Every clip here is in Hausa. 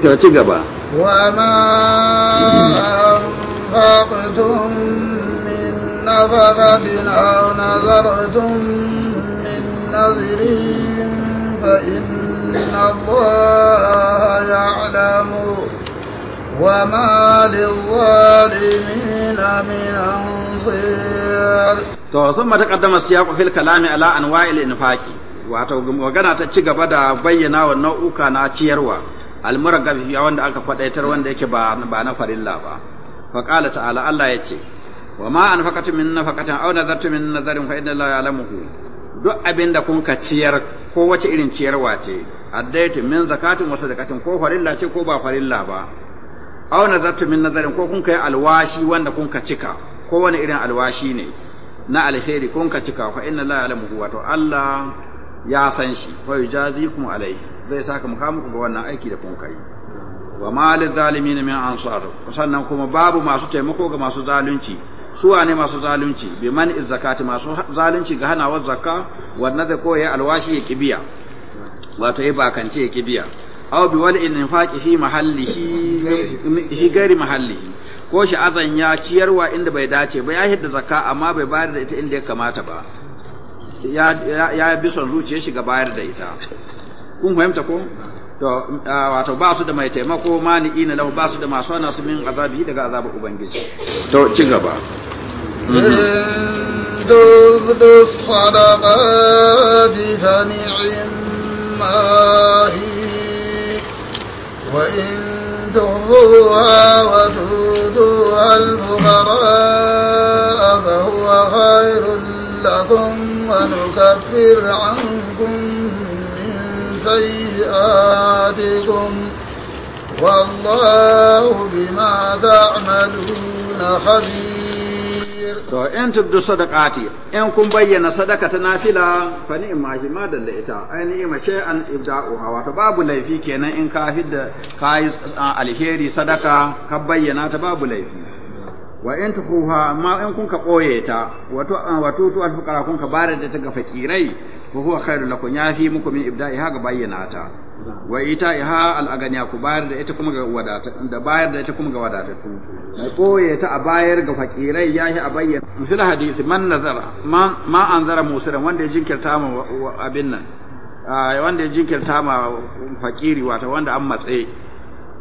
ta ci gaba wa ma anfaqtum min nafaqatin aw nazartum min nazrin fa inna allaha ya'lamu wa ma lil-zalimin min ansir to sun mata kaddama fil kalami ala anwa'il infaqi wato magana ta ci gaba da bayyana wa nau'uka na ciyarwa almuragab ya wanda aka kwadaitar wanda yake ba ba na farilla ba fa qala ta'ala Allah yace wa ma anfaqatu min nafaqatin aw nazartu min nazarin fa inna la ya'lamuhu duk abinda kun ka ciyar ko wace irin ciyarwa ce addaitu min zakatin wasu zakatin ko farilla ce ko ba farilla ba aw nazartu min nazarin ko kun kai alwashi wanda kun ka cika ko wani irin alwashi ne na alheri kun ka cika fa inna la ya'lamuhu wato Allah ya san shi fa yujazikum alai zai saka muka muku ga wannan aiki da kun kai wa malil zalimin min ansar sannan kuma babu masu taimako ga masu zalunci su wane masu zalunci bi man zakati masu zalunci ga hanawar zakka wanda da koyi alwashi ya kibiya wato ya bakance ya kibiya aw bi wal faqi fi mahallihi hi gari mahallihi ko shi azan ya ciyarwa inda bai dace ba ya hidda zakka amma bai bayar da ita inda ya kamata ba ya bi son zuciya shi ga bayar da ita kun fahimta ko to wato ba su da mai taimako ina lahu ba su da masu ana su min azabi daga azabar ubangiji to ci gaba تبد فهو خير لكم ونكفر عنكم من سيئاتكم والله بما تعملون خبير to in tubdu sadaqati in kun bayyana sadaka ta nafila fa ni'ma hi ma dalla ita ai ni'ma shay'an ibda'uha wato babu laifi kenan in ka fidda kai alheri sadaka ka bayyana ta babu laifi wa in tukuha ma in kun ka koye ta wato ah, wato al fuqara kun ka bare da ta ga fakirai ko huwa khairu lakum ya fi muku min ha ga bayyana ta wa ita ita'iha al aganiya ku bayar da ita kuma ga wadata da bayar da ita kuma ga wadata ku mai koye ta a bayar ga fakirai ya shi a bayyana fil hadith man nazara ma ma anzara musiran wanda ya jinkirta ma abin nan wanda ya jinkirta ma fakiri wata wanda an matse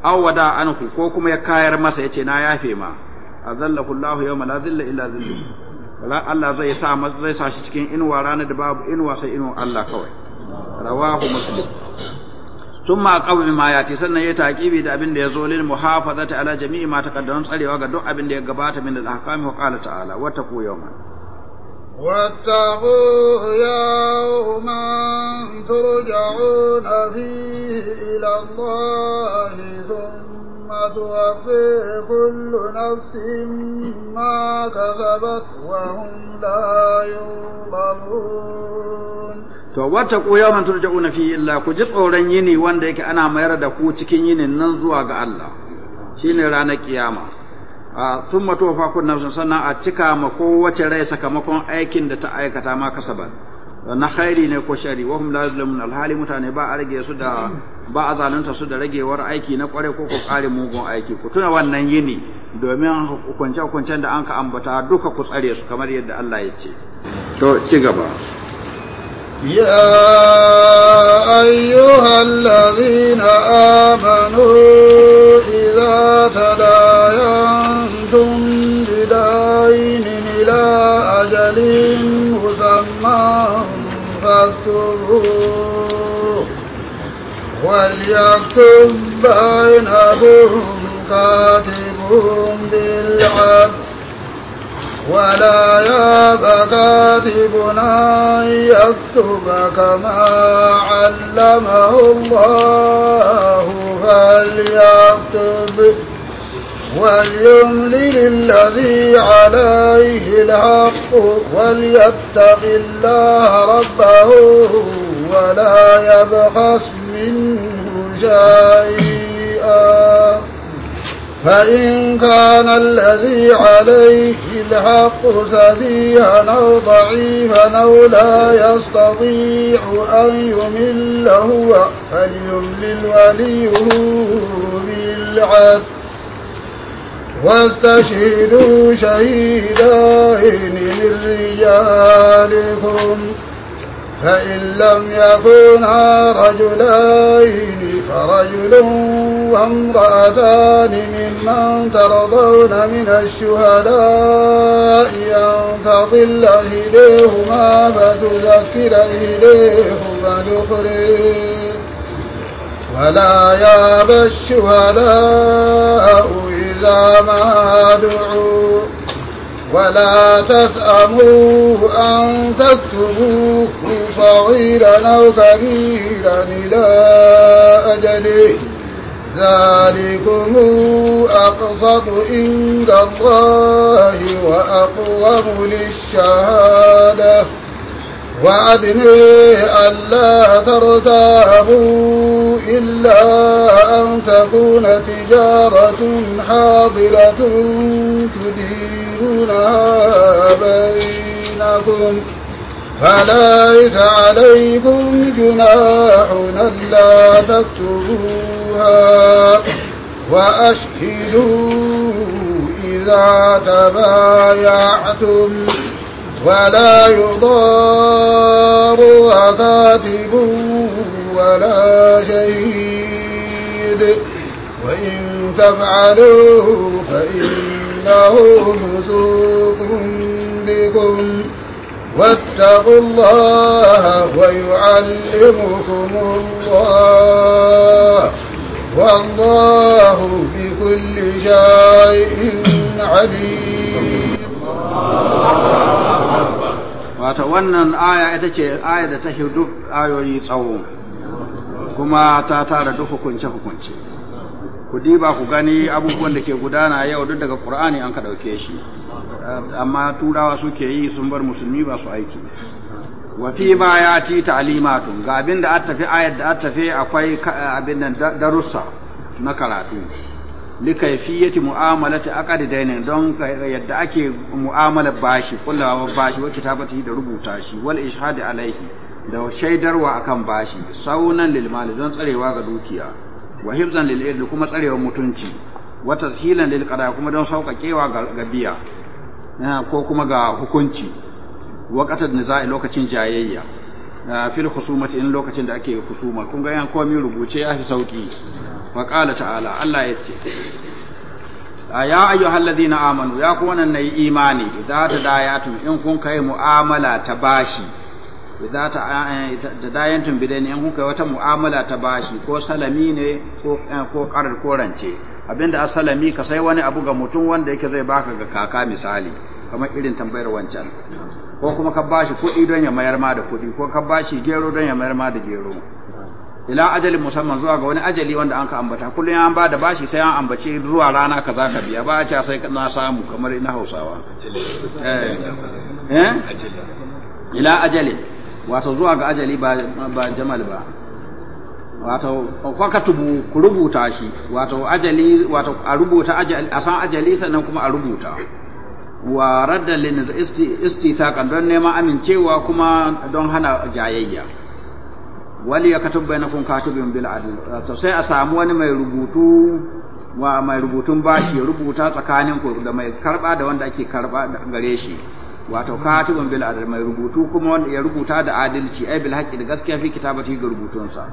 awwada anhu ko kuma ya kayar masa yace na yafe ma azallahu Allah yawma la zilla illa zillu Allah zai sa zai sa shi cikin inuwa ranar da babu inuwa sai inuwa Allah kawai rawahu muslim Tumma qawmi ma yati sannan ya taqibi da abin da ya zo lil muhafazati ala jami'i ma taqaddamun tsarewa ga duk abin da ya gabata min al-ahkami wa qala ta'ala wa taqu yawma واتقوا يوما ترجعون فيه إلى الله ثم توفي كل نفس ما كسبت وهم لا يظلمون to wata ku turja una fi illa ku ji tsoron yini wanda yake ana mayar da ku cikin yinin nan zuwa ga Allah shine ranar kiyama a to fa kun nan sannan a cika ma ko kowace rai sakamakon aikin da ta aikata ma kasaba na khairi ne ko shari wa hum la yuzlamun alhali mutane ba a rage su da ba a zalunta su da ragewar aiki na kware ko ko kare mugun aiki ku tuna wannan yini domin hukunce hukuncen da an ka ambata duka ku tsare su kamar yadda Allah ya ce to ci gaba ya ayyuhal ladhina amanu idza tadayantum فاكتبوه وليكتب بينهم كاتب بالعدل ولا ياب كاتبنا أن يكتب كما علمه الله فليكتب وليملي للذي عليه الحق وليتق الله ربه ولا يبخس منه شيئا فإن كان الذي عليه الحق سبيا أو ضعيفا أو لا يستطيع أن يمل هو فليملل وليه بالعدل واستشهدوا شهيدين من رجالكم فإن لم يكونا رجلين فرجل وامرأتان ممن ترضون من الشهداء أن تضل إليهما فتذكر إليهما ذكري ولا ياب الشهداء إذا ما دعوا ولا تسأموا أن تكتبوه صغيرا أو كبيرا إلى أجله ذلكم أقسط عند الله وأقوم للشهادة وعدني ألا ترتابوا إلا أن تكون تجارة حاضرة تديرونها بينكم فليس عليكم جناح لا تكتبوها وأشهدوا إذا تبايعتم ولا يضار وكاتب ولا شهيد وإن تفعلوه فإنه مسوق بكم واتقوا الله ويعلمكم الله والله بكل شيء عليم wato wannan aya ita ce aya da ta duk ayoyi tsawo kuma ta tara duk hukunce hukunce ku diba ku gani abubuwan da ke gudana yau duk daga qur'ani an ka dauke shi amma turawa suke yi sun bar musulmi ba su aiki Wafi fi ma ya ci ta'limatun ga abin da attafe ayat da attafe akwai abin da darussa na karatu likaifiyati mu'amalati aqad dainin don yadda ake mu'amalar bashi kullawa bashi wa kitabati da rubuta shi wal ishhad alaihi da shaidarwa akan bashi saunan lil mal don tsarewa ga dukiya wa hifzan lil irdi kuma tsarewa mutunci wa tashilan lil qada kuma don saukakewa ga biya ko kuma ga hukunci wa qatad nizai lokacin jayayya fil khusumati in lokacin da ake husuma kun ga yan komai rubuce ya fi sauki wa qala ta'ala Allah ya ce ya amanu ya ku wannan nayi imani idza tadayatum in kun kai mu'amala ta bashi idza eh, tadayantum bidaini in kun kai wata mu'amala ta bashi ko salami ne ko eh, ko qarar korance abinda asalami ka sai wani abu ga mutum wanda yake zai baka ga kaka misali kamar irin tambayar wancan ko kuma ka bashi kuɗi don ya mayar ma da kuɗi ko ka bashi gero don ya mayar ma da gero ila ajalin musamman zuwa ga wani ajali wanda an ka ambata kullum an ba da bashi sai an ambace zuwa rana kaza ka biya ba a ce sai na samu kamar ina hausawa eh. Eh? ila ajalin wato zuwa ga ajali ba jamal ba wato tubu ku rubuta shi wato ajali wato a rubuta ajali a san ajali sannan kuma a rubuta wa radda lin istithaqan don neman amincewa kuma don hana jayayya wali ya katub bainakum katibun bil adl to sai a samu wani mai rubutu wa mai rubutun bashi ya rubuta tsakanin ku da mai karba da wanda ake karba gare shi wato katibun bil adl mai rubutu kuma wanda ya rubuta da adalci ai bil haqqi da gaskiya fi kitabati ga rubutun sa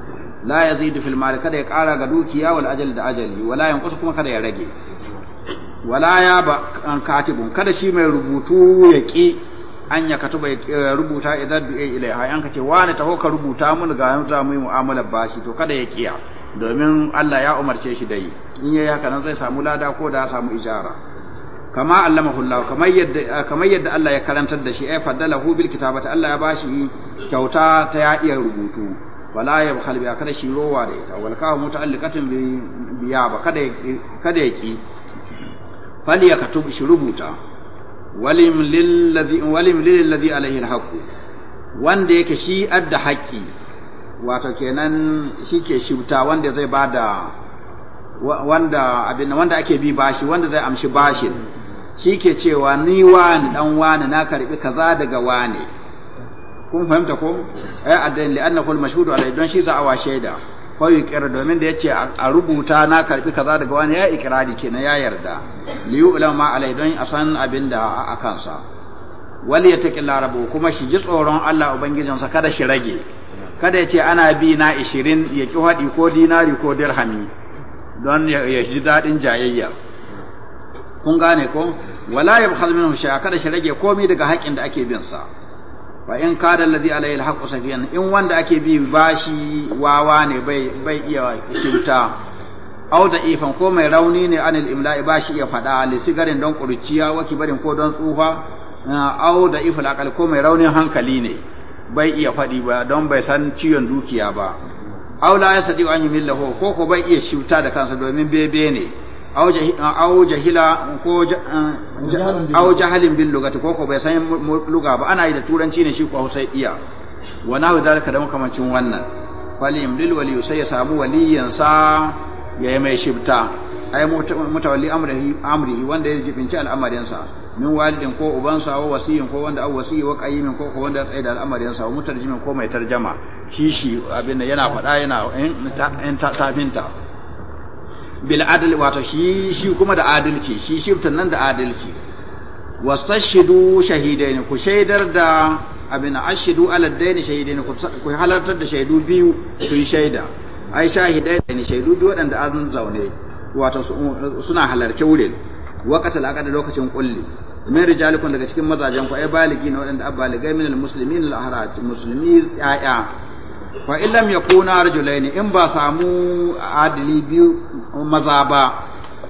la yazidu fil mal kada ya kara ga dukiya wal ajal da ajali wala yanqus kuma kada ya rage wala ya ba katibun kada shi mai rubutu ya ki an ya katuba ya eh, rubuta idan du'e ilaiha an ka ce wani taho ka rubuta mun ga za mu yi mu'amalar bashi to kada ya kiya domin Allah ya umarce shi dai in yayi haka nan zai samu lada ko da samu ijara kama allamahu Allah kamar yadda eh, kamar yadda Allah ya karantar da shi ay faddalahu bil kitabati Allah ya bashi kyauta ta ya iya rubutu wala ya bukhal biya kada shi rowa da ita wal kahu bi biya ba kada kada ya ki fal katu shi rubuta walim lillazi alaihi alhaqu wanda yake shi adda haƙƙi wato kenan shi ke shibta wanda zai ba da wanda abin wanda ake bi bashi wanda zai amshi bashin shi ke cewa ni wani dan wani na karbi kaza daga wani kun fahimta ko ai eh, addain li annahu al-mashhudu alai don shi za a wa shaida yi kira domin da ya ce a rubuta na karbi kaza daga wani ya ikirari kenan ya yarda liyu ulama alai don a san abin da a kansa wal ya taƙi larabu kuma shi ji tsoron Allah Ubangijinsa kada shi rage kada ya ce ana bi na ishirin ya ki haɗi ko dinari ko dirhami don ya ji daɗin jayayya kun gane ko wala ya bukhal minhu kada shi rage komai daga haƙin da ake bin sa Wa in kada alladhi alayhi alhaqu safiyan in wanda ake bi bashi wawa ne bai bai iya kinta aw da ifan ko mai rauni ne anil imla'i bashi iya fada li sigarin don kuruciya waki barin ko don tsufa aw ah, da ifal aqal ko mai raunin hankali ne bai iya fadi ba don bai san ciyon dukiya ba aw la yasadi an yumillahu ko ko bai iya shuta da kansa domin bebe ne aw jahila ko aw eh, jahalin bil lugati ko ko bai san luga ba ana yi da turanci ne shi ko Hausa iya wa na nahu zalika da makamancin wannan fali imlil wali sai ya samu waliyan sa ya yi mai shibta ai mutawalli amrihi amrihi wanda ya jibinci al'amarin sa min walidin ko ubansa wa wasiyin ko wanda aw wasiyi wa qayyimin ko ko wanda ya tsaya da al'amarin sa wa mutarjimin ko mai tarjama shi shi abin yana faɗa yana in eh, eh, ta binta bil adl wato shi shi kuma da adalci shi shibtan nan da adalci wastashidu shahidain ku shaidar da abin ashidu ala dain shahidain ku halartar da shaidu biyu su yi shaida ai shahidain ne shaidu biyu waɗanda an zaune wato suna halarce wurin waqatal aqad lokacin kulli min rijalikum daga cikin mazajen ku ai baligi ne waɗanda abbaligai min al muslimin al ahrat muslimi ya'ya fa illam yakuna rajulain in ba samu adili biyu maza ba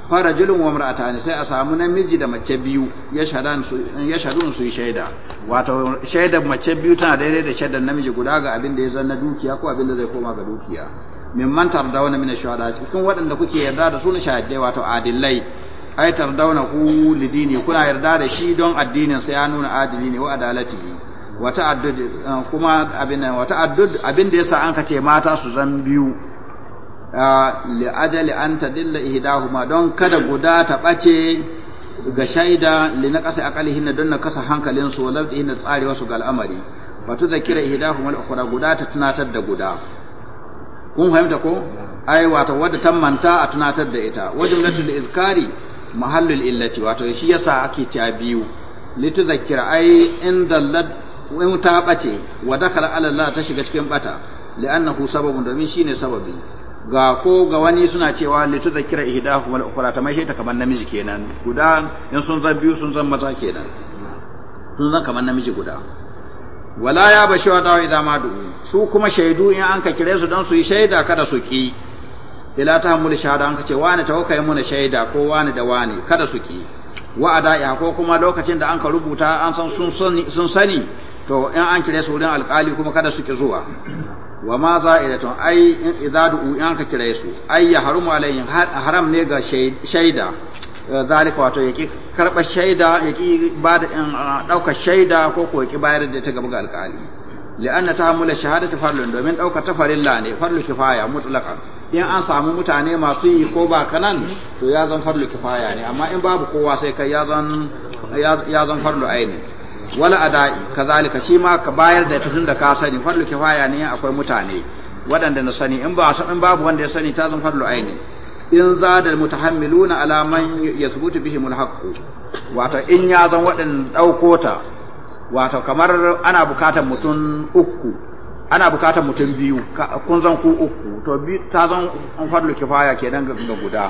fa rajulun wa mar'atani sai a samu namiji da mace biyu yashhadan su yashhadun su shaida wato shaidar mace biyu tana daidai da shaidar namiji guda ga abin da ya zanna dukiya ko abin da zai koma ga dukiya mimman tardawna min ash-shuhada cikin waɗanda kuke yarda da su na wato adilai ai wani ku lidini kuna yarda da shi don addinin sai ya nuna adili ne wa adalati wata addud eh, kuma abin wata addud abin da yasa an kace mata su zan biyu ah, li ajali an tadilla ihdahuma don kada guda ta bace ga shaida li na kasa aqalihin don na kasa hankalin su wala da tsari wasu ga al'amari wato da kira ihdahuma al-ukhra guda ta tunatar da guda kun fahimta ko ai wato wadda ta manta a tunatar da ita Wajen wajumlatul izkari mahallul illati wato shi yasa ake ta biyu litu zakira ai inda dallat in ta bace wa dakhala ala la ta shiga cikin bata li'annahu sababun domin shine sababi ga ko ga wani suna cewa litu zakira ihdahu wal ukhra ta mai ta kamar namiji kenan guda in sun zan biyu sun zan maza kenan sun zan kamar namiji guda wala ya bashi wa dawo idan du su kuma shaidu in an ka kire su dan su yi shaida kada su ki ila ta hamul shahada an ka ce wani tawakkai muna shaida ko wani da wani kada su ki wa'ada ya ko kuma lokacin da an ka rubuta an san sun sani to in an kire su wurin alkali kuma kada su ki zuwa wa ma za ai idza du'u in ka kire su ai ya harumu alayhin haram ne ga shaida zalika wato yaki karba shaida yaki ba da dauka shaida ko ko yaki bayar da ta gaba ga alkali li'anna tahammula shahadatu farlun domin dauka ta farilla ne farlu kifaya mutlaqan in an samu mutane masu yi ko ba kanan to ya zan farlu kifaya ne amma in babu kowa sai kai ya zan ya zan farlu aini wala ada'i kazalika shi ma ka bayar da tun da ka sani farlu kifaya ne akwai mutane waɗanda na sani in ba in babu wanda ya sani ta zan farlu aini in za da mutahammiluna ala man yathbutu bihi alhaq wato in ya zan waɗanda ɗauko ta wato kamar ana bukatar mutum uku ana bukatar mutum biyu kun zan ku uku to ta zan farlu kifaya kenan ga guda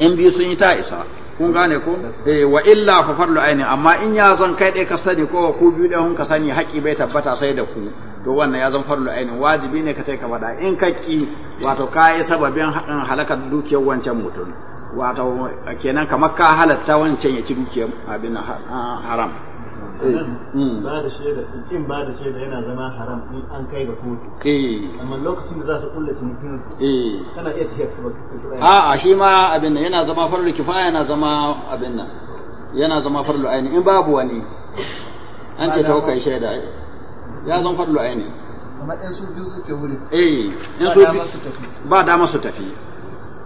in biyu sun yi ta isa kun gane ko eh wa illa fa farlu aini amma in ya zan kai dai ka sani ko ku biyu dai hun ka sani haƙi bai tabbata sai da ku to wannan ya zan farlu aini wajibi ne ka taika ka in ka ki wato ka yi sababin halakar dukiyar wancan mutum wato kenan kamar ka halatta wancan ya ci dukiyar abin haram Mm. Mm. ba da shaida ba da shaida yana zama haram in an kai ga kotu eh. amma lokacin da za su kulle cinikin eh kana iya tafiya ka a a shi ma abin nan yana zama farlu kifaya yana zama abin nan yana zama farlu aini in babu wani an ce ta kai shaida ya zama farlu aini amma in su biyu suke wuri eh in su ba dama su tafi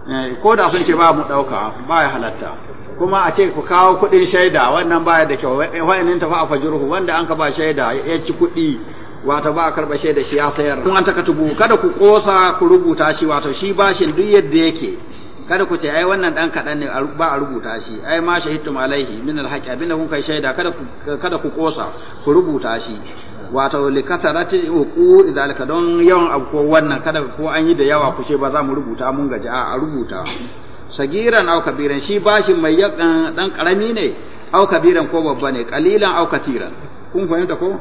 Eh, ko da sun ce ba mu ɗauka ba ya halatta kuma a ce ku kawo kuɗin shaida wannan ya da kyau ta tafa a fajirhu wanda an ka ba shaida ya ci kuɗi wato ba a karɓa shaida shi ya sayar kun an taka tubu kada ku ƙosa ku rubuta shi wato shi bashin duk yadda yake kada ku ce ai wannan dan kaɗan ne ba a rubuta shi ai ma shahidtum alaihi min alhaqi abinda kun kai shaida kada ku kada ku kosa ku rubuta shi wato li kasarati uku zalika don yawan abu ko wannan kada ko an yi da yawa kushe ba za mu rubuta mun gaji a rubuta sagiran au kabiran shi bashi mai yakan eh, dan karami ne au kabiran ko babba ne qalilan au katiran kun fahimta ko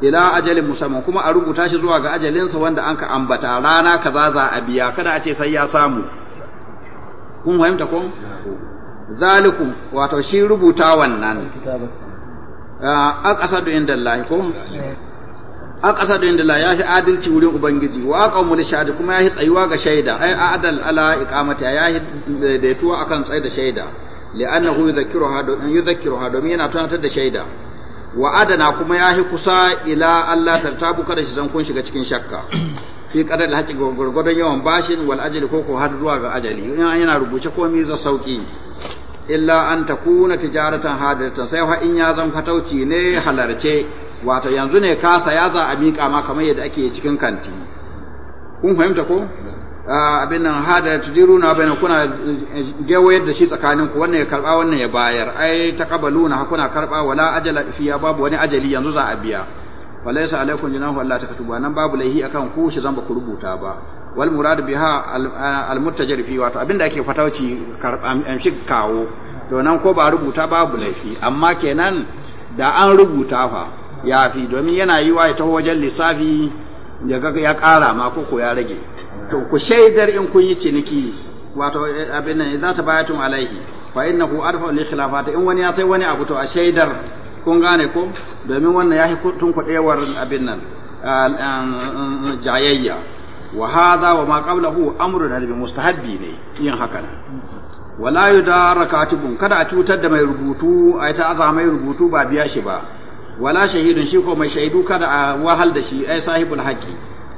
ila ajalin musamman kuma a rubuta shi zuwa ga ajalinsa wanda an ka ambata rana kaza za a biya kada a ce sai ya samu kun fahimta ko zalikum wato shi rubuta wannan ah, a ƙasar da inda ko eh. a ƙasa da yadda ya fi adalci wurin ubangiji wa aka li shahada kuma ya fi tsayuwa ga shaida ai adal ala iqamati ya fi daidaituwa akan tsayi da shaida li'annahu yudhakkiruha domin ha domin yana tunatar da shaida wa adana kuma ya fi kusa ila Allah tartabu kada shi zan kun shiga cikin shakka fi qadar al gurgurdan yawan bashin wal ko ko har ga ajali yana rubuce komai za sauki illa an takuna tijaratan hadiratan sai in ya zan fatauci ne halarce wato yanzu ne ka saya za a miƙa ma kamar yadda ake cikin kanti kun fahimta ko ah, abin nan hada na bayan kuna eh, gewayar da shi tsakanin ku wannan ya karba wannan ya bayar ai taqabaluna kuna karba wala ajala fiya babu wani ajali yanzu za a biya walaysa alaikum junahu alla takatuba nan babu laihi akan ku shi zan ba ku rubuta ba wal murad biha eh, al muttajar fi wato abinda ake fatauci amshi eh, kawo to nan ko ba rubuta babu laifi amma kenan da an rubuta fa ya fi domin yana yi wa ya wajen lissafi ya ya ƙara ma ko ya rage to ku shaidar in kun yi ciniki wato eh, abin nan za ta bayatun alaihi fa innahu arfa li khilafati in wani ya sai wani abu to a shaidar kun gane ko domin wannan ya tun ku dewar abin nan jayayya wa hadha wa ma qablahu amrun harbi mustahabbi ne yin hakan wala yudara katibun kada a cutar da mai rubutu a ta azama mai rubutu ba biya shi ba wala shahidun shi ko mai shaidu kada a wahal da shi ai sahibul haqqi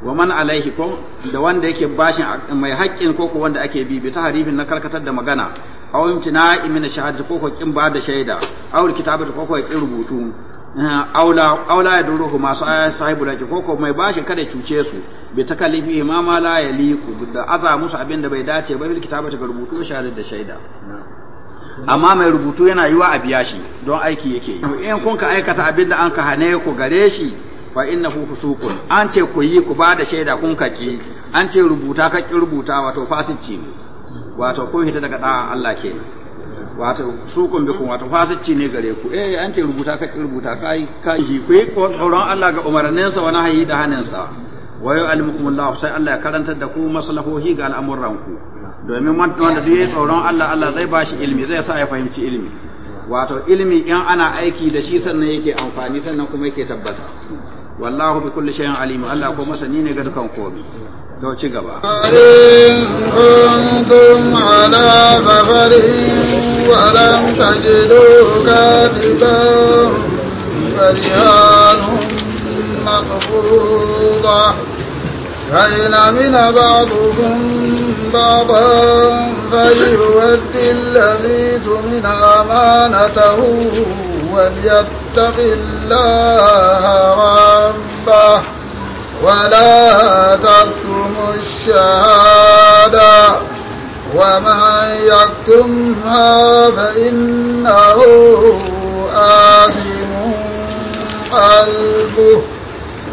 wa man alaihi ko da wanda yake bashin mai haƙƙin ko wanda ake bi bi ta harifin na karkatar da magana aw imtina min shahadati ko ko kin ba da shaida aw kitabati ko ko kin rubutu aula aula ya duru ma su sahibul haqqi ko ko mai bashin kada cuce su bi takalifi ma ma la yaliqu da aza musu abin da bai dace ba bil kitabati ga rubutu shahadati da shaida amma mai rubutu yana yiwa a biya shi don aiki yake yi in kun ka aikata abin da an ka hane ku gare shi fa innahu fusukun an ce ku yi ku bada shaida kun ka ki an ce rubuta ka ki rubuta wato fasici ne wato kun hita daga da'a Allah ke wato sukun kun wato fasici ne gare ku eh an ce rubuta ka ki rubuta kai kai ku yi tsoron Allah ga umarninsa wani hayi da haninsa wayo alimukumullahu sai Allah ya karantar da ku maslahohi ga al'amuran ku. domin wanda duk yi tsoron Allah Allah zai bashi ilmi zai sa ya fahimci ilimi wato ilmi in ana aiki da shi sannan yake amfani sannan kuma yake tabbata wallahu bi kulli shay'in alim Allah ko masani ne ga dukan komai to ci gaba kuntum ala safarin wa lam tajidu بعضا فليؤدي الذي تمن أمانته وليتق الله ربه ولا تكتم الشهادة ومن يكتمها فإنه آثم قلبه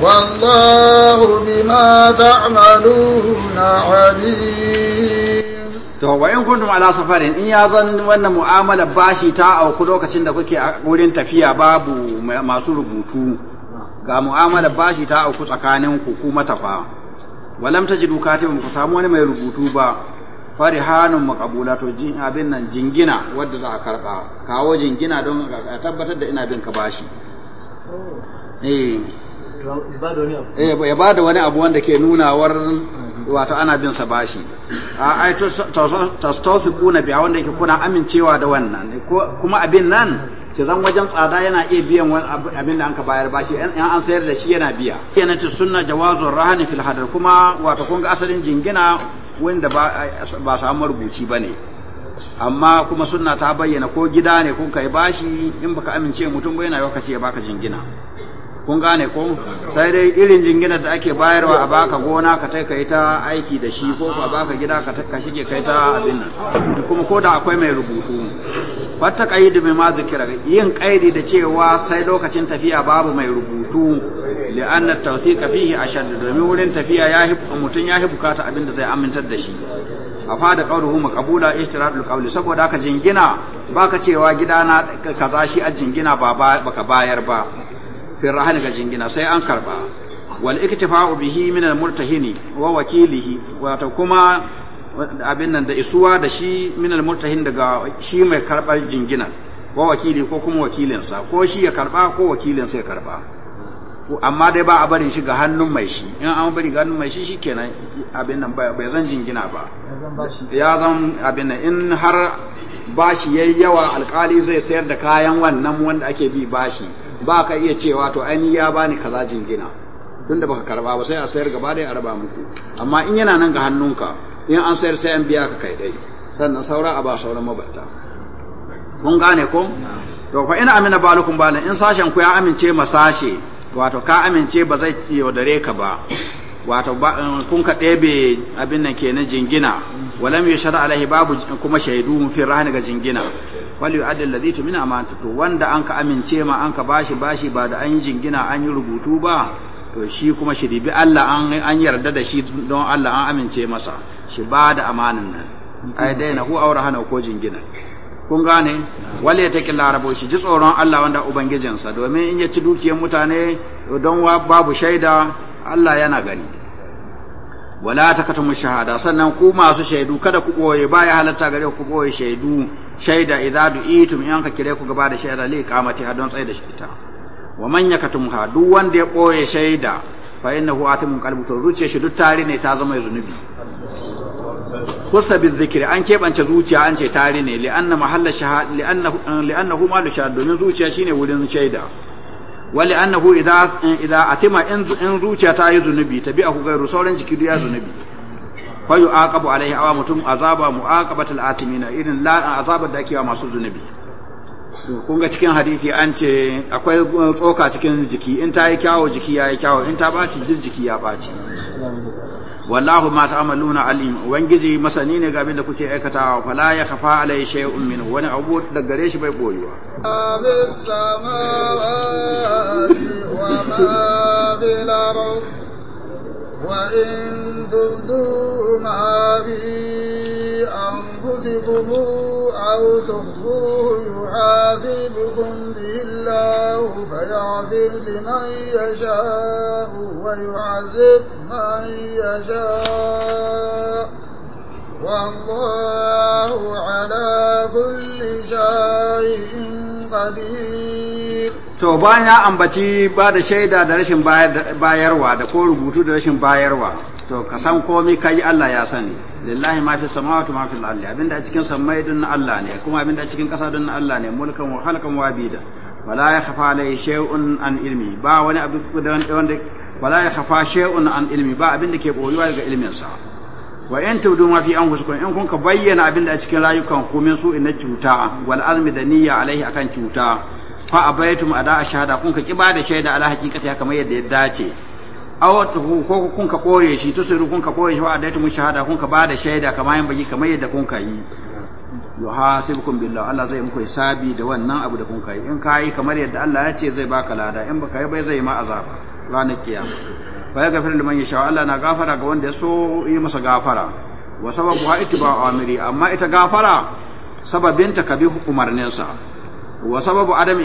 والله بما تعملون عليم to wayan kuntum ala safarin in ya zan wannan mu'amala bashi ta auku lokacin da kuke a wurin tafiya babu masu rubutu ga mu'amala bashi ta auku tsakanin ku kuma tafa walam tajidu katibun ku samu wani mai rubutu ba farihanun maqabula to jin abin nan jingina wanda za a karba kawo jingina don a tabbatar da ina bin ka bashi eh Eh, ya ba da wani abu wanda ke nunawar wato ana bin sa bashi ah, ai kuna biya wanda yake kuna amincewa da wannan kuma abin nan ke zan wajen tsada yana iya biyan wani abin da anka bayar bashi Yan an sayar da shi yana biya yana ci sunna jawazun rahani fil hadar kuma wato kun ga asalin jingina wanda ba samu ba ne. amma kuma sunna ta bayyana ko gida ne kun kai bashi in baka amince mutum ba yana yau ka ce baka jingina kun gane ko sai dai irin jinginar da ake bayarwa a baka gona ka ta kai ta aiki da shi ko a baka gida ka ka shige kai ta abin nan kuma ko da akwai mai rubutu fatta mai ma zikira yin qaidi da cewa sai lokacin tafiya babu mai rubutu li'anna tawsiqa fihi ashad domin wurin tafiya ya mutun ya bukata abin da zai amintar da shi a fada qawluhu maqbula ishtiradul qawli saboda ka jingina baka cewa gidana kaza shi a jingina ba baka bayar ba fi rahani ga jingina sai an karba wal iktifa'u bihi min al murtahini wa wakilihi wato kuma abin nan da isuwa da shi min al murtahin daga shi mai karbar jingina ko wakili ko kuma wakilinsa ko shi ya karba ko wakilinsa ya karba amma dai ba a barin shi ga hannun mai shi in an bari ga hannun mai shi shikenan abin nan bai zan jingina ba ya zan abin nan in har bashi yayi yawa alkali zai sayar da kayan wannan wanda ake bi bashi ba ka iya cewa to ainihi ya bani kaza jingina tun da baka karba ba sai a sayar gaba da a raba muku amma in yana nan ga hannunka in an sayar sai an biya ka kai dai sannan saura a ba sauran mabata kun gane ko to fa ina amina balukum bana in sashen ku ya amince masashe wato ka amince ba zai yaudare ka ba wato eh, kun ka ɗebe abin nan kenan jingina walam yi shara alaihi babu kuma shaidu mun fi rahani ga jingina wali yu'addi alladhi tumina amanta to wanda an ka amince ma an ka bashi bashi ba da an yi jingina an yi rubutu ba to shi kuma shi ribi Allah an an yarda da shi don Allah an amince masa shi ba da amanin nan ai na hu aure hana ko jingina kun gane wale ya taƙi larabo shi ji tsoron Allah wanda ubangijinsa domin in ya ci dukiyar mutane don babu shaida Allah yana gani wala takatumu shahada sannan ku masu shaidu kada ku boye baya halatta gare ku boye shaidu shaida idza du'itum in ka kire ku gaba da shaida li qamati hadon tsaye da shaita wa man ha duk wanda ya boye shaida fa innahu atimun qalbu to zuciya shi duk tare ne ta zama zunubi kusa bi an keɓance zuciya an ce tare ne anna mahalla shahada li li'annahu eh, malu shahada domin zuciya shine wurin shaida wali annahu idza idza atima in in zuciya ta yi zunubi tabi'ahu gairu sauran jiki ya zunubi fa yu'aqabu alaihi aw mutum azaba mu'aqabatul atimina irin la azabar da ake wa masu zunubi kun ga cikin hadisi an ce akwai tsoka cikin jiki in ta yi kyawo jiki ya yi kyawo in ta baci jiki ya baci. wallahu ma ta'maluna alim ubangiji masani ne ga abin da kuke aikatawa fala ya khafa alai shay'un min wani abu da gare shi bai boyuwa ma وإن تبدوا ما في أنفسكم أو تخفوه يحاسبكم به الله فيعذب لمن يشاء ويعذب من يشاء والله على كل شيء قدير to bayan ya ambaci ba da shaida da rashin bayarwa da ko rubutu da rashin bayarwa to ka san komai ka yi Allah ya sani lillahi ma fi samawati ma fi al-ardi abinda a cikin sammai dun Allah ne kuma abinda a cikin kasa dun Allah ne mulkan wa halqan wa bida wala ya khafa alai shay'un an ilmi ba wani abu wanda wala khafa shay'un an ilmi ba abinda ke boyuwa daga ilmin sa wa in tudu ma fi anfusikum in kun ka bayyana abinda a cikin rayukan ku min su inna cuta wal azmi da niyya alaihi akan cuta fa abaitum ada shahada kun ka kiba da shaida ala haqiqati kamar yadda ya dace aw ko kun ka koye shi tusiru kun ka koye shi wa mu shahada kun ka ba da shaida kamar yan baki kamar yadda kun ka yi yuhasibukum billah Allah zai muku hisabi da wannan abu da kun ka yi. in ka yi kamar yadda Allah ya ce zai baka lada in baka yi bai zai ma azaba ranar kiyama fa ya gafara liman yasha Allah na gafara ga wanda ya so yi masa gafara wa sababu ha ittiba amri amma ita gafara sababinta ka kabi umarninsa wa sababu adam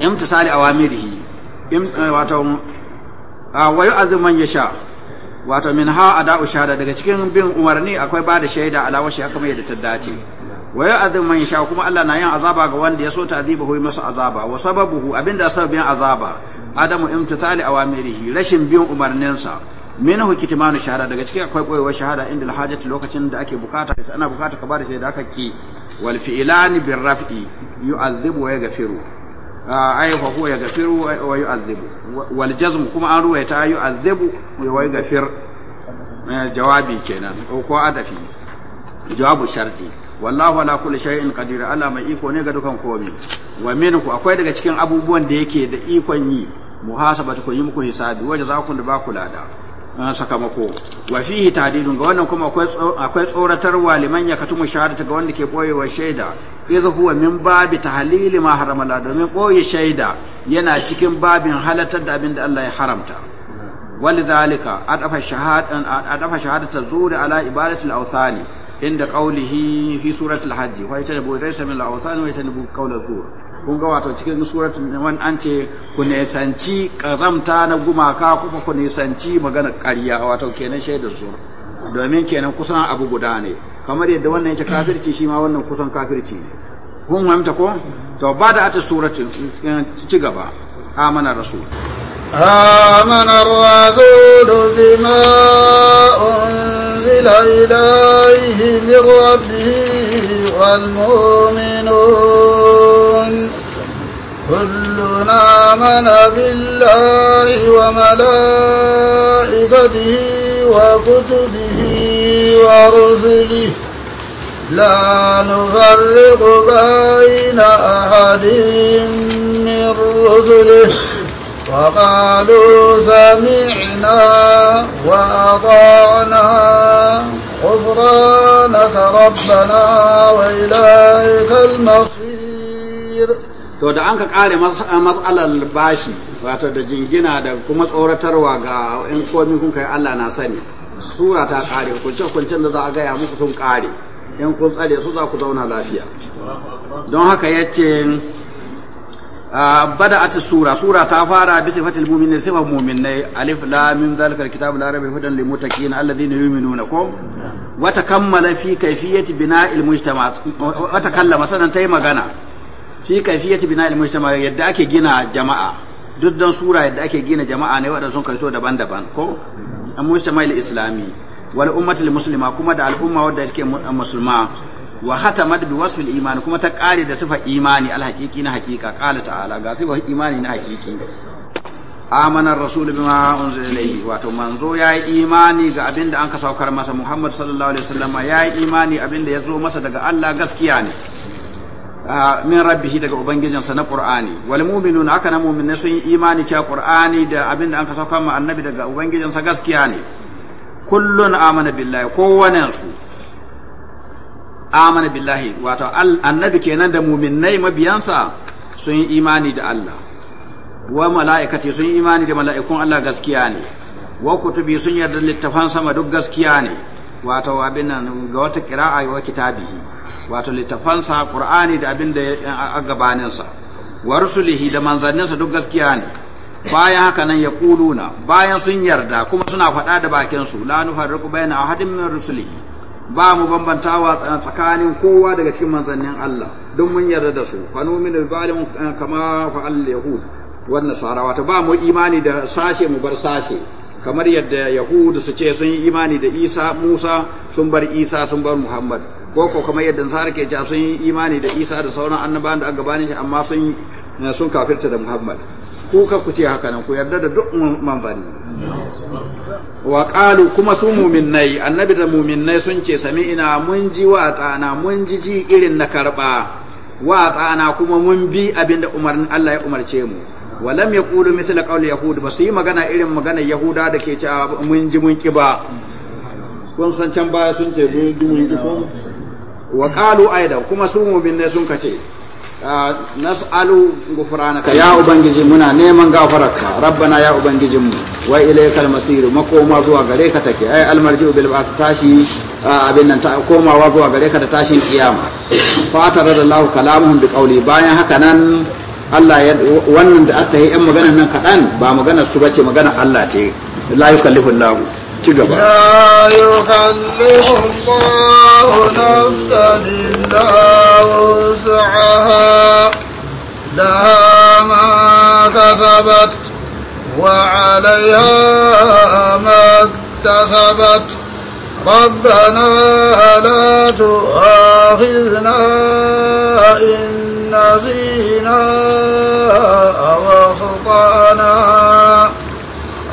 imtisali awamirihi eh, wato ah, wa yu'adhu man yasha wato min ha ada'u shahada daga cikin bin umarni akwai ba shaida ala washi aka mai da ta dace wa yu'adhu man yasha kuma Allah na yin azaba ga wanda ya so ta ta'dhibahu masa azaba wa sababuhu abinda sababin azaba adamu imtisali awamirihi rashin bin umarninsa minhu kitmanu shahada daga cikin akwai koyewar shahada inda alhajati lokacin da ake bukata ana bukata ka ba da shaida aka ki wal fi'lani bir raf'i yu'adhibu wa yaghfiru ai ah, fa huwa yaghfiru wa yu'adhibu wal kuma an ruwaita yu'adhibu wa yaghfir eh, jawabi kenan ko adafi jawabu sharti ala mai iko ne ga dukan komai wa akwai daga cikin abubuwan da yake da ikon yi muhasabatu ku yi muku hisabi wajen za ku da ba ku lada sakamako wa fihi tahdidun ga wannan kuma akwai tsoratarwa liman ya katumu shahadata ga wanda ke boye wa shaida idh huwa min babi tahlili ma harama la domin boye shaida yana cikin babin halatar da abin da Allah ya haramta walidhalika adafa shahadan adafa shahadata zuri ala ibadatil awthani inda qawlihi fi suratil hajj wa yatanabu laysa min al-awthani wa yatanabu qawla zuri kun ga wato cikin suratul man an ce ku nisanci ƙazamta na gumaka kuma ku nisanci magana ƙarya wato kenan shaidar zuwa domin kenan kusan abu guda ne kamar yadda wannan yake kafirci shi ma wannan kusan kafirci ne kun mamta ko to ba da ata suratul eh, ci gaba amana rasul آمن الرسول كلنا آمن بالله وملائكته وكتبه ورسله لا نفرق بين أحد من رسله وقالوا سمعنا وأطعنا غفرانك ربنا وإليك المصير to da an ka kare matsalar eh, bashi wato da jingina da kuma tsoratarwa ga in komi kun kai Allah na sani sura ta kare kunce hukuncen da za a gaya muku sun kare in kun tsare su za ku zauna lafiya don haka yace ah, bada ati sura sura ta fara bi sifatil mu'minin sifat mu'minai alif lam mim zalikal kitabu la raiba hudan lil mutaqin alladhina yu'minuna kum wa takammala fi kayfiyati bina'il mujtama' wa takallama sanan tayi magana fi kaifiyati bina al-mujtama yadda ake gina jama'a duk dan sura yadda ake gina jama'a ne wadanda sun kaito daban-daban ko al-mujtama al-islami wal ummati al-muslima kuma da umma wadda take musulma wa hatamat bi wasfil iman kuma ta kare da sifa imani al-haqiqi na haqiqa qala ta'ala ga sifa imani na haqiqi amana rasul bima unzila ilayhi wato manzo ya yi imani ga abinda an ka saukar masa muhammad sallallahu alaihi wasallam ya yi imani abinda da ya zo masa daga Allah gaskiya ne min rabbihi daga ubangijinsa na qur'ani wal mu'minuna haka na mu'minai sun yi imani cewa qur'ani da abin da an sauka ma annabi daga ubangijinsa gaskiya ne kullun amana billahi kowannen su amana billahi wato annabi kenan da mu'minai mabiyansa sun yi imani da Allah wa mala'ikati sun yi imani da mala'ikun Allah gaskiya ne wa kutubi sun yarda littafan sama duk gaskiya ne wato abin nan ga wata kira'a wa kitabihi wato littafansa qur'ani da abin da a gabanin sa wa rusulihi da manzanninsa duk gaskiya ne bayan haka nan ya kuluna bayan sun yarda kuma suna faɗa da bakin su la nufarriqu baina ahadin min rusulihi ba mu bambantawa tsakanin kowa daga cikin manzannin Allah don mun yarda da su fanu min albalim eh, kama fa'al yahud wannan sarawa ta ba mu imani da sashe mu bar sashe kamar yadda yahudu su ce sun yi imani da isa musa sun bar isa sun bar muhammad ko ko kamar yadda nasara ke cewa sun yi imani da isa da sauran annabawan da aka bani shi amma sun sun kafirta da muhammad ku ka ku ce haka nan ku yarda da duk manzanni wa qalu kuma su mu'minnai annabi da muminai sun ce sami'ina mun ji wa tsana mun ji ji irin na karba wa tsana kuma mun bi abinda umarni Allah ya umarce mu walam yaqulu mithla qawli yahud ba su yi magana irin magana yahuda da ke cewa mun ji mun kiba kun san can baya sun ce mun ji mun kiba wa qalu aida kuma su mu mu'minai sun kace ah, nas'alu ghufranaka ya ubangiji muna neman gafararka rabbana ya ubangijinmu wa ilaykal masiru makoma zuwa gare ka take ai almarji'u bil ba'th tashi ah, abin nan ta komawa zuwa gare ka da tashin kiyama fa taradallahu kalamuhum bi qawli bayan haka nan Allah ya wannan da aka yi yan magana nan kaɗan ba magana su bace magana Allah ce la yukallifu Allah ci gaba la yukallifu Allah nafsan illa wus'aha la ma kasabat wa 'alayha ma iktasabat ربنا لا تؤاخذنا إن نبينا وخطأنا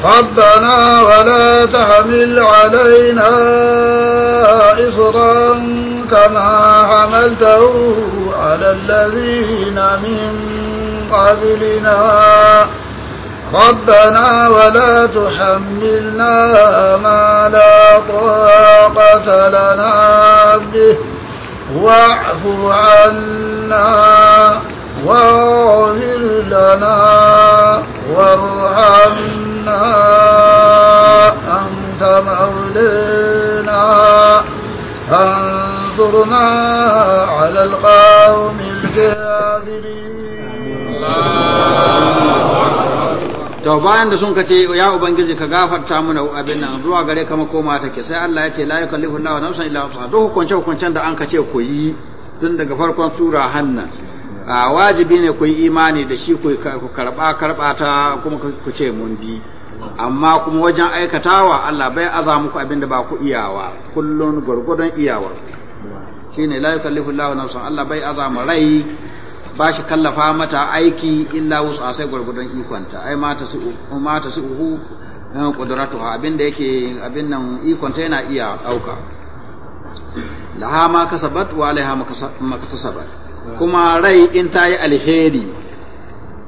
ربنا ولا تحمل علينا إصرا كما حملته على الذين من قبلنا ربنا ولا تحملنا ما لا طاقة لنا به واعف عنا واغفر لنا وارحمنا أنت مولينا فانصرنا على القوم الكافرين to bayan da sun kace ya ubangiji ka gafarta mana abin nan zuwa gare ka makoma take sai Allah ya ce la yukallifu Allahu nafsan illa wus'aha duk hukunce hukuncen da an kace ku yi tun daga farkon sura hanna a wajibi ne ku yi imani da shi ku karba karba ta kuma ku ce mun bi amma kuma wajen aikatawa Allah bai aza muku abin da ba ku iyawa kullun gurgudun iyawar shine la yukallifu Allahu nafsan Allah bai aza rai ba shi kallafa mata aiki illa wusa sai gwargwadon ikonta ai mata su mata su uhu eh, Abin da yake abin nan ikonta yana iya dauka laha ma kasabat wa alaiha ma kasabat kuma rai in ta yi alheri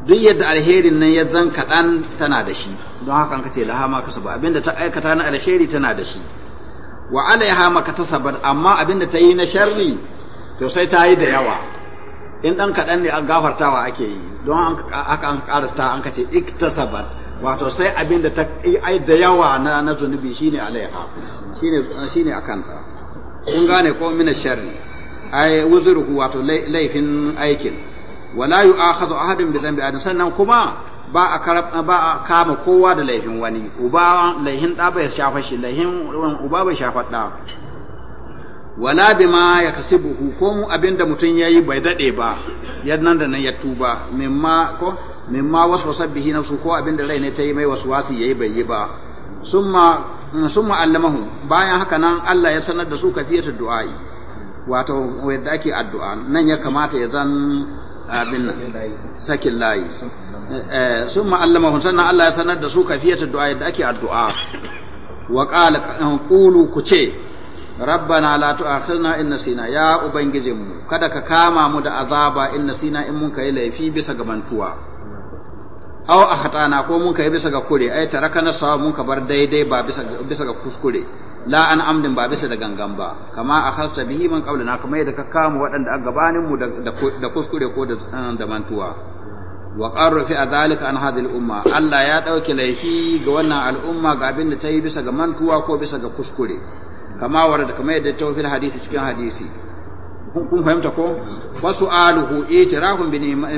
duk yadda alherin nan ya zan kaɗan tana da shi don haka an kace laha ma kasaba abinda ta aikata na alheri tana da shi wa alaiha maka tasabar. amma abinda ta yi na sharri to sai ta yi da yawa in ɗan kaɗan ne an gafartawa ake yi don haka an karasta an kace iktasabat wato sai abin da ta ai da yawa na na zunubi shine alaiha shine shine akanta kun gane ko mina sharri ai wuzuru wato laifin aikin wala yu'akhadhu ahadun bi dhanbi adam sannan kuma ba a karab ba a kama kowa da laifin wani uba laihin da bai shafa shi laihin uba bai shafa da wala bima ya Buhu ko mu abinda mutum yayi bai dade ba yadnan da nan ya tuba mimma ko mimma waswasa bihi su ko abinda rai ne ta yi mai wasu ya yayi bai yi ba summa mm, summa allamahu bayan haka nan Allah ya sanar da su kafiyatu du'ai wato yadda ake addu'a nan ya kamata ya zan abin nan sakin layi eh, summa allamahu sannan Allah ya sanar da su kafiyatu du'ai yadda ake addu'a wa qala eh, qulu ku ce ربنا لا تؤاخذنا ان نسينا ya ubangije mu kada ka kama mu da azaba in nasina in mun kai laifi bisa ga mantuwa aw akhatana ko mun kai bisa ga kure ai na sawa mun ka bar daidai ba bisa bisa ga kuskure la an amdin ba bisa da gangan ba kama akhalta bihi man qablana kama yadda ka kama waɗanda a gabanin mu da kuskure ko da eh, mantuwa wa fi adhalika an hadhihi al-umma Allah ya dauke laifi ga wannan al'umma ga abin da ta yi bisa ga mantuwa ko bisa ga kuskure kama warada kama yadda ta fil hadisi cikin hadisi kun fahimta ko wasu aluhu itirafun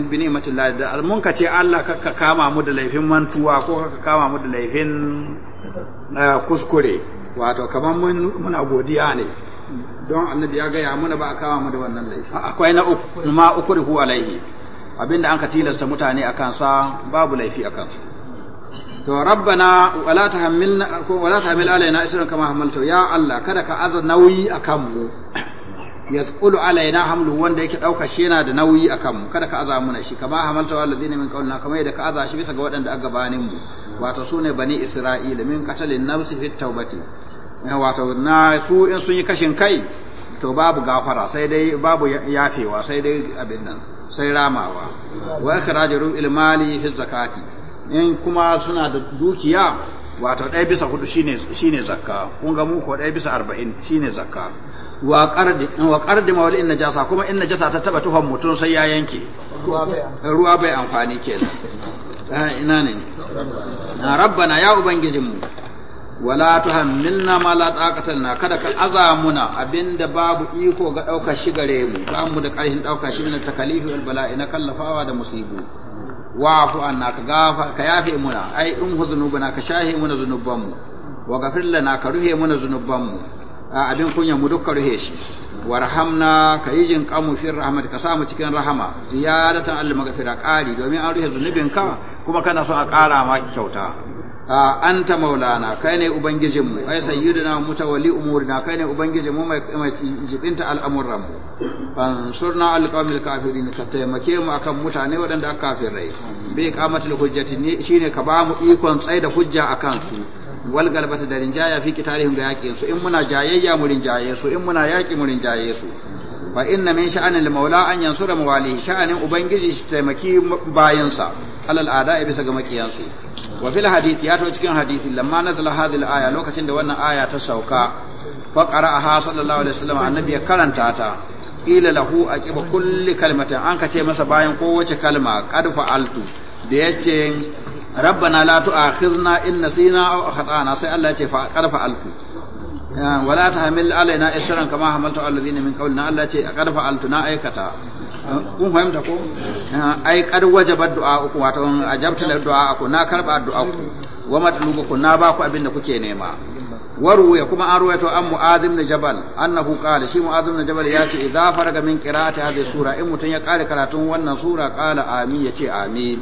bi ni'matillah da mun ka ce Allah ka kama mu da laifin mantuwa ko ka kama mu da laifin eh, kuskure wato mun muna godiya ne don annabi ya gaya muna ba a kama mu da wannan laifi akwai na uku ma ukrihu alaihi abinda an ka tilasta mutane akan sa babu laifi akan su to rabbana wala tahmilna ko wala tahmil alaina isran kama hamalta ya Allah kada ka aza nauyi akan mu yasqulu alaina hamlu wanda yake dauka shi yana da nauyi akan mu kada ka aza muna shi kama hamalta wal ladina min qawlina kama yadda ka aza shi bisa ga waɗanda aka gabanin mu wato sune bani isra'ila min qatalin nafsi fit tawbati wato na su in sun yi kashin kai to babu gafara sai dai babu yafewa sai dai abin nan sai ramawa wa ikhrajul ilmali fi zakati in kuma suna da dukiya wato ɗaya bisa hudu shi ne zakka kun ga ko ɗaya bisa arba'in shi ne zakka wa qardi mawali in najasa kuma in najasa ta taɓa tuhon mutum sai ya yanke ruwa bai amfani kenan eh, ina ne rabbana ya ubangijinmu wala tuhammilna ma la taqata lana kada ka azamuna abinda babu iko ga daukar shigare mu ba mu da karhin daukar shi na takalifi wal bala'i na kallafawa da musibu wa'fu anna ka gafa ka yafe muna ai in hu na ka shahe muna zunubanmu wa gafir lana ka ruhe muna zunubanmu abin kunya mu duka ruhe shi warhamna ka yi jin kamu fi rahmat ka samu cikin rahama ziyadatan al maghfira qali domin an ruhe zunubin ka kuma kana so a ƙara ma kyauta anta maulana kai ne ubangijinmu ai sayyidina mutawalli umurina kai ne ubangijinmu mai jibinta al'amuran mu surna alqamil kafirin ka taimake mu akan mutane waɗanda aka kafirai bi qamatul hujjati ne shine ka ba mu ikon tsai da hujja akan su wal galbata da rinjaya fi kitarihim ga yaƙin su in muna jayayya mu rinjaye su in muna yaƙi mu rinjaye su fa inna min sha'anil maula an yansura mawali sha'anin ubangiji shi taimaki bayansa alal ada bisa ga makiyansu wa fil hadith ya to cikin hadisi lamma nazala hadhihi aya lokacin da wannan aya ta sauka fa qara'aha sallallahu alaihi wasallam annabi ya karanta ta ila lahu aqiba kulli kalmatin an ka ce masa bayan kowace kalma qad fa'altu da yace rabbana la tu'akhidna in nasina aw akhtana sai Allah ya ce fa qad fa'altu wala ta hamil alaina isran kama hamaltu alladhina min qablina Allah ce qad fa'altu altuna aikata kun fahimta ko ai qad wajaba du'a uku, wato ajabta da du'a ku na karba du'a ku wa matlubu ku na ba ku abin da kuke nema waru ya kuma an to an mu'adh ibn jabal annahu qala shi mu'adh ibn jabal ya ce idza faraga min qira'ati hadhihi sura in mutun ya kare karatun wannan sura qala amin ya ce amin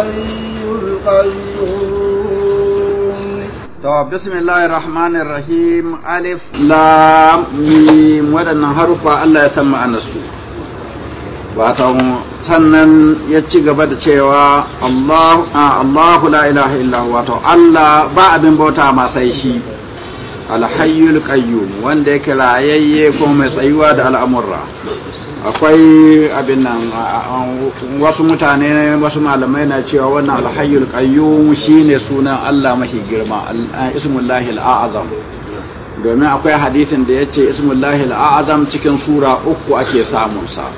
الحي القيوم to bismillahir rahmanir rahim alif lam mim waɗannan harufa Allah ya san ma'anarsu wato sannan ya ci gaba da cewa Allah Allahu la ilaha illa wato Allah ba abin bauta ma sai shi alhayyul qayyum wanda yake rayayye ko mai tsayuwa da al'amurra akwai abin nan wasu mutane wasu malamai na cewa wannan alhayyul qayyum shine sunan Allah mahi girma ismullahi al'azam domin akwai hadithin da yace ismullahi al'azam cikin sura uku ake samun sa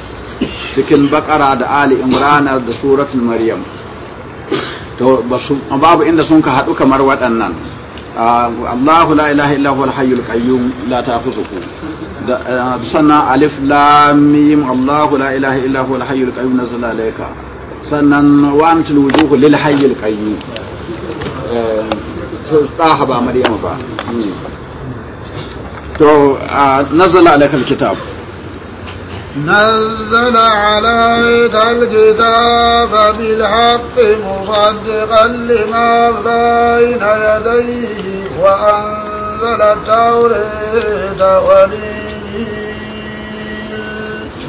cikin bakara da ali imrana da suratul maryam to babu inda sun ka haɗu kamar waɗannan Uh, Allahu la ilaha illa huwal hayyul qayyum la ta'khudhuhu uh, sannan alif lam mim Allahu la ilaha illa hayyul qayyum nazzala alayka sannan wa antul wujuhu lil hayyil qayyum uh, taha ba maryama ba hmm. to نزل عليك الكتاب بالحق مصدقا لما بين يديه وأنزل التوريد والإنجيل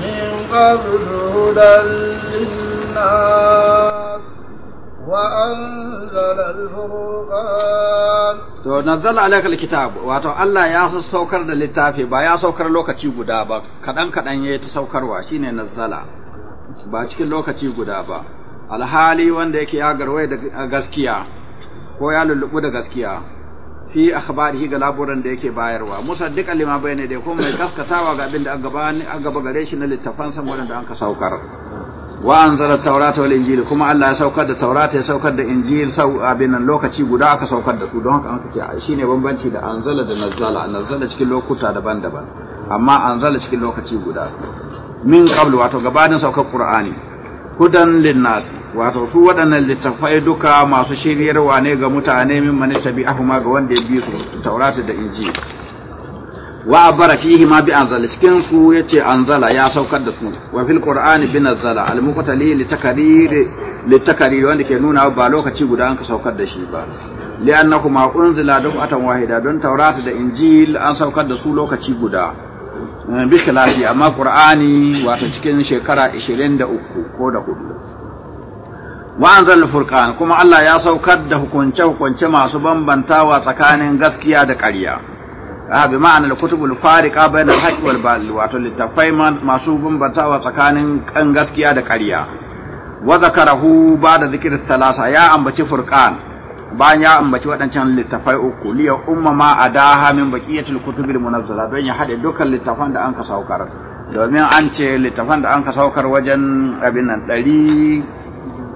من قبل هدى للناس وأنزل الفرقان to nazzal alaka alkitab wato Allah ya saukar da littafi ba ya saukar lokaci guda ba kadan kadan yayi ta saukarwa shine nazzala ba cikin lokaci guda ba alhali wanda yake ya garwaye da gaskiya ko ya lullubu da gaskiya fi akhbarihi ga laburan da yake bayarwa musaddiqan lima ne da kuma mai kaskatawa ga abin da an gaba gare shi na littafansa wanda an ka saukar wa anzala tawrata wal injil kuma Allah ya saukar da taurata ya saukar da injil sau abin nan lokaci guda aka saukar da su don haka an aka ce shine bambanci da anzala da nazzala nazzala cikin lokuta daban-daban amma anzala cikin lokaci guda min qablu wato gabanin saukar qur'ani hudan linnas wato su waɗannan littafai duka masu shiryarwa ne ga mutane min man ahuma ga wanda ya bi su taurata da injil wa abara fihi ma bi anzala cikin su yace anzala ya saukar da su wa fil qur'ani bi nazala al muqtali li takrir li takrir wanda ke nuna ba lokaci guda an ka saukar da shi ba li annahuma unzila atan wahida don taurata da injil an saukar da su lokaci guda eh, bi khilafi amma qur'ani wato cikin shekara 23 ko da hudu wa anzala furqan kuma Allah ya saukar da hukunce hukunce masu bambantawa tsakanin gaskiya da ƙarya bi ma'ana al-kutubul fariqa bayna al-haqqi wal batil wato littafai masu bambantawa tsakanin kan gaskiya da ƙarya wa zakarahu ba'da zikr thalasa ya ambaci furqan bayan ya ambaci waɗancan littafai uku liya umma ma adaha min baqiyatil kutubil munazzala don ya hade dukkan littafan da an ka saukar domin an ce littafan da an ka saukar wajen abin nan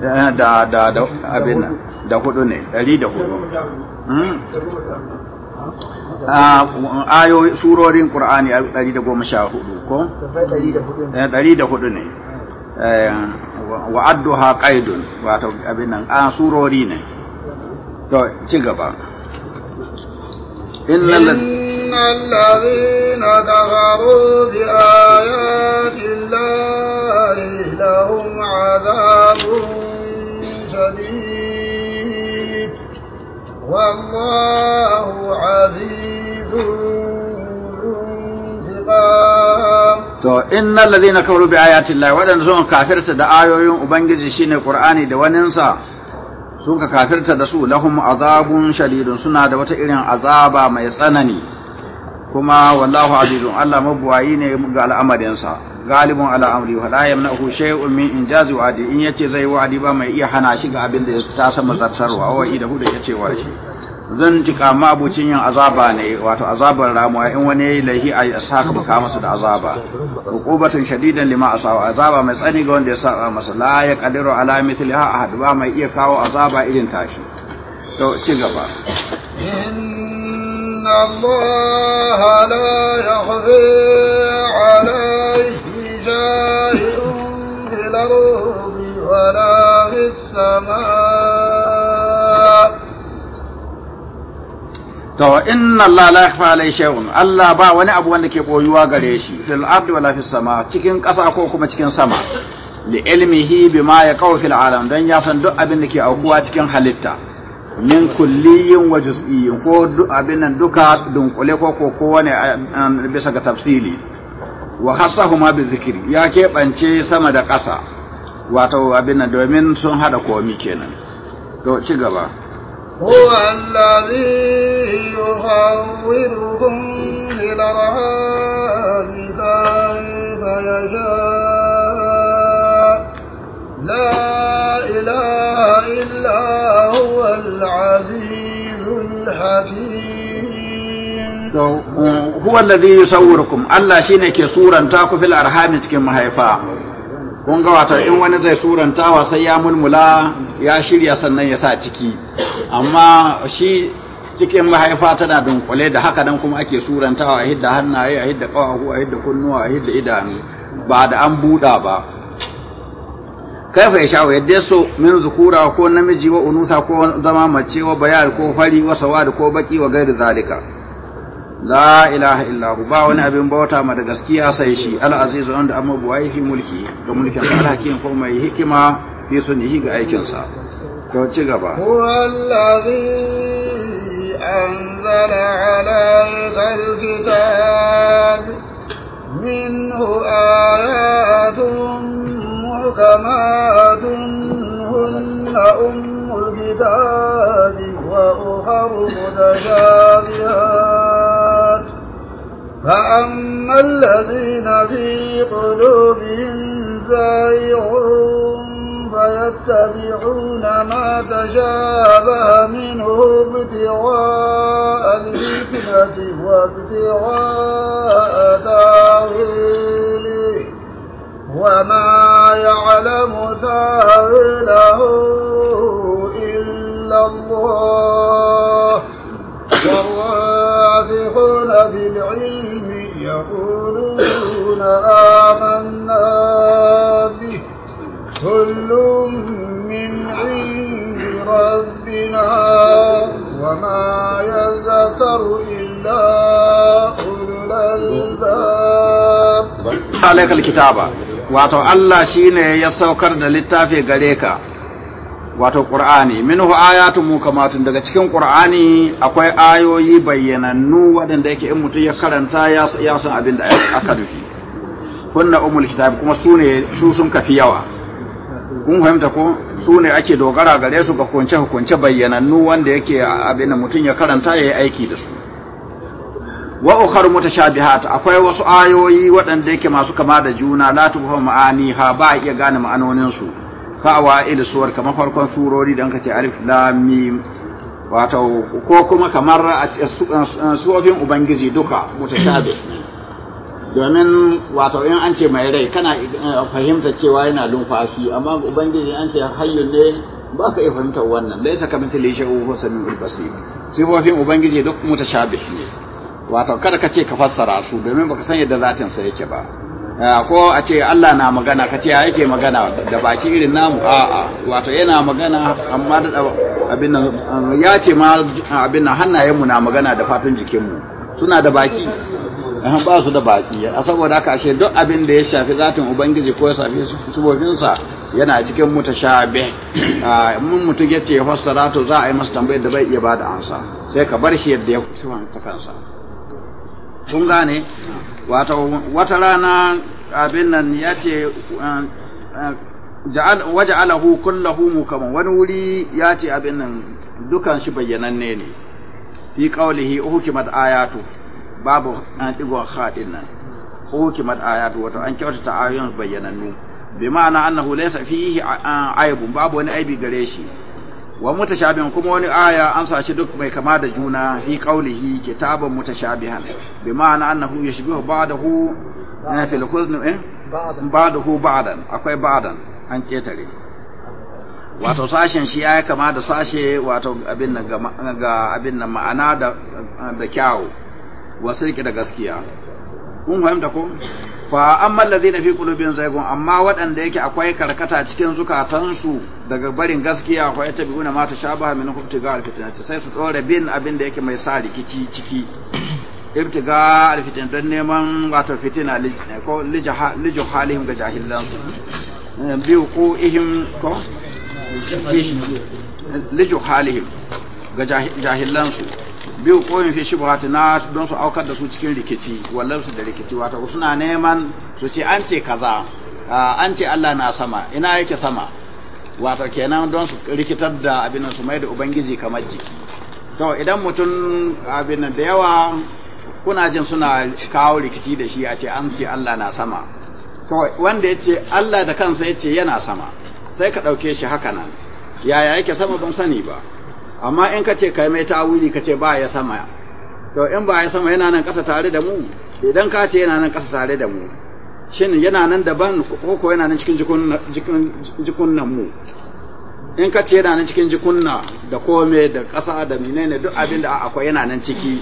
eh, da da da abin da hudu ne dari da hudu hmm? Ah, ayoyi surorin Qur'ani 114 ko 104 ne eh, eh, wa addu adduha qaidun wato abin nan a ah, surori ne to ci gaba innal ladina kafaru bi ayati llahi lahum adhabun shadid والله to innal ladhina kafaru bi ayati llahi wadanda sun kafirta da ayoyin ubangiji shine qur'ani da waninsa sun ka kafirta da su lahum azabun shadidun suna da wata irin azaba mai tsanani kuma wallahu azizun Allah mabuwayi ne ga al'amarinsa galibun ala amri wa la yamna'u shay'un min injazi wa'di in yace zai wa'di ba mai iya hana shi ga abin da ya tasa mazartarwa zartarwa wa idahu da yace wa shi zan kama abucin yin azaba ne wato azabar ramuwa in wani yayi lahi a saka maka masa da azaba uqubatun shadidan lima asawa azaba mai tsani ga wanda ya sa masa la ya qadiru ala mithliha ahad ba mai iya kawo azaba irin tashi to ci gaba inna allaha la alayhi ardi wala fis to inna allaha la yakhfa alayhi shay'un Allah ba wani abu wanda ke boyuwa gare shi fil ardi wala fis sama cikin ƙasa ko kuma cikin sama li ilmihi bima yaqau fil alam dan ya san duk abin da ke aukuwa cikin halitta min kulliyin wa juz'iyyin ko duk abin nan duka dunkule ko ko kowane um, bisa ga tafsili wa khassahuma bi dhikri ya keɓance sama da ƙasa wato abin nan domin sun hada komi kenan to ci gaba هو الذي يصوركم إلى الأرحام كيف يشاء لا إله إلا هو العزيز الحكيم هو الذي يصوركم الله شينك صورا تاكو في الأرحام تكن مهيفا kun ga wato in wani zai surantawa sai ya mulmula ya shirya sannan ya sa ciki amma shi cikin mahaifa tana dunkule da haka nan kuma ake surantawa a hidda hannaye a hidda ƙafafu a hidda kunnuwa a hidda idanu ba da an buɗa ba kaifa ya shawo yadda so min zukura ko namiji wa unusa ko zama mace wa bayar ko fari wa sawad ko baki wa gairi zalika la ilaha illahu ba wani abin bauta ma da gaskiya sai shi al-azizu wanda amma buwai fi mulki ga mulkin al-hakim ko mai hikima fi sunnihi ga aikin sa to ci gaba wallahi anzala alayka al-kitab minhu ayatun muhkamatun hunna ummul kitab wa ukhra mutashabihat فأما الذين في قلوبهم زائغ فيتبعون ما تشابه منه ابتغاء الفتنة وابتغاء تاويله وما يعلم تاويله إلا الله الراسخون في العلم يقولون آمنا به كل من عند ربنا وما يذكر إلا أولو الألباب عليك الكتابة wato Allah shine ya saukar da littafi gare ka wato qur'ani minhu ayatu mukamatun daga cikin qur'ani akwai ayoyi bayyanannu waɗanda yake in mutum ya karanta ya san abin da aka nufi kunna umul kitab kuma su ne su sun kafi yawa kun fahimta ko su ne ake dogara gare su ga kunce hukunce bayyanannu wanda yake abin da mutum ya karanta ya yi aiki da su wa ukhar mutashabihat akwai wasu ayoyi waɗanda yake masu kama da juna la ma'ani ha ba iya gane ma'anonin su ka ila suwar kamar farkon surori don ka ce alif lam mim wato ko kuma kamar a suwafin ubangiji duka mutashabi domin wato in an ce mai rai kana eh, fahimta cewa yana lumfashi amma ubangiji an ce hayyu ne ba ka iya fahimtar wannan da yasa kamar tilishe uku samin ulbasi sifofin ubangiji duk mutashabi ne wato kada ka ce ka fassara su domin baka san yadda zatin sa yake ba Eh, ko a ce Allah na magana ka ce yake magana da baki irin namu a'a wato yana magana amma da abin nan eh, ya ce ma abin hannayenmu na magana da fatun jikinmu suna da baki eh, ba su da baki a saboda haka ashe duk abin da ya shafi zatin ubangiji ko ya shafi subofinsa yana cikin mutashabih ah, mun mutum ya ce fassara to za a yi masa tambayar da bai iya bada ansa sai ka bar shi yadda ya ta kansa kun gane wato wata rana abin nan ya ce uh, uh, waje alahu kullahu kama wani wuri ya ce abin nan dukan shi bayyananne ne fi ki uhkimat ayatu babu an ɗigon haɗin nan uhkimat ayatu wato an kyautata ayoyin bayyanannu bi ma'ana annahu laysa fihi uh, aibun babu wani aibi gare shi wa mutashabihan kuma wani aya an shi duk mai kama da juna hi qaulihi kitabun mutashabihan bi ma'ana annahu yashbihu ba'dahu eh, fil huzn eh ba'dahu ba'dan akwai ba'dan an ketare wato sashen shi ya kama da sashe wato abin nan ga abin nan ma'ana da da kyawu wasirki da gaskiya kun fahimta ko fa amma na fi qulubihim zaygun amma waɗanda yake akwai karkata cikin zukatansu daga barin gaskiya ko ita biuna una mata shabaha min ibtiga ta sai su tsore bin abin da yake mai sa rikici ciki ibtiga alfitin dan neman wato fitina ko lijo halihim ga jahilansu eh, biyu ko ihim ko lijo halihim ga su biyu koyin fi shi na don su aukar da su cikin rikici wallar su da rikici wato suna neman su ce an ce kaza an ce Allah na sama ina yake sama wato kenan don su rikitar da abin su mai da ubangiji kamar jiki to idan mutum abin da yawa kuna jin suna kawo rikici da shi a ce an ce Allah na sama to wanda ya ce Allah da kansa ya ce yana sama sai ka ɗauke shi haka nan yaya yake sama ban sani ba amma in ka ce kai mai tawili ka ce ba ya sama to in ba ya sama yana nan ƙasa tare da mu idan ka ce yana nan kasa tare da mu shin yana nan daban ko yana nan cikin jikunan mu in ka ce yana nan cikin jikunna da kome da ƙasa da menene duk abin da akwai yana nan ciki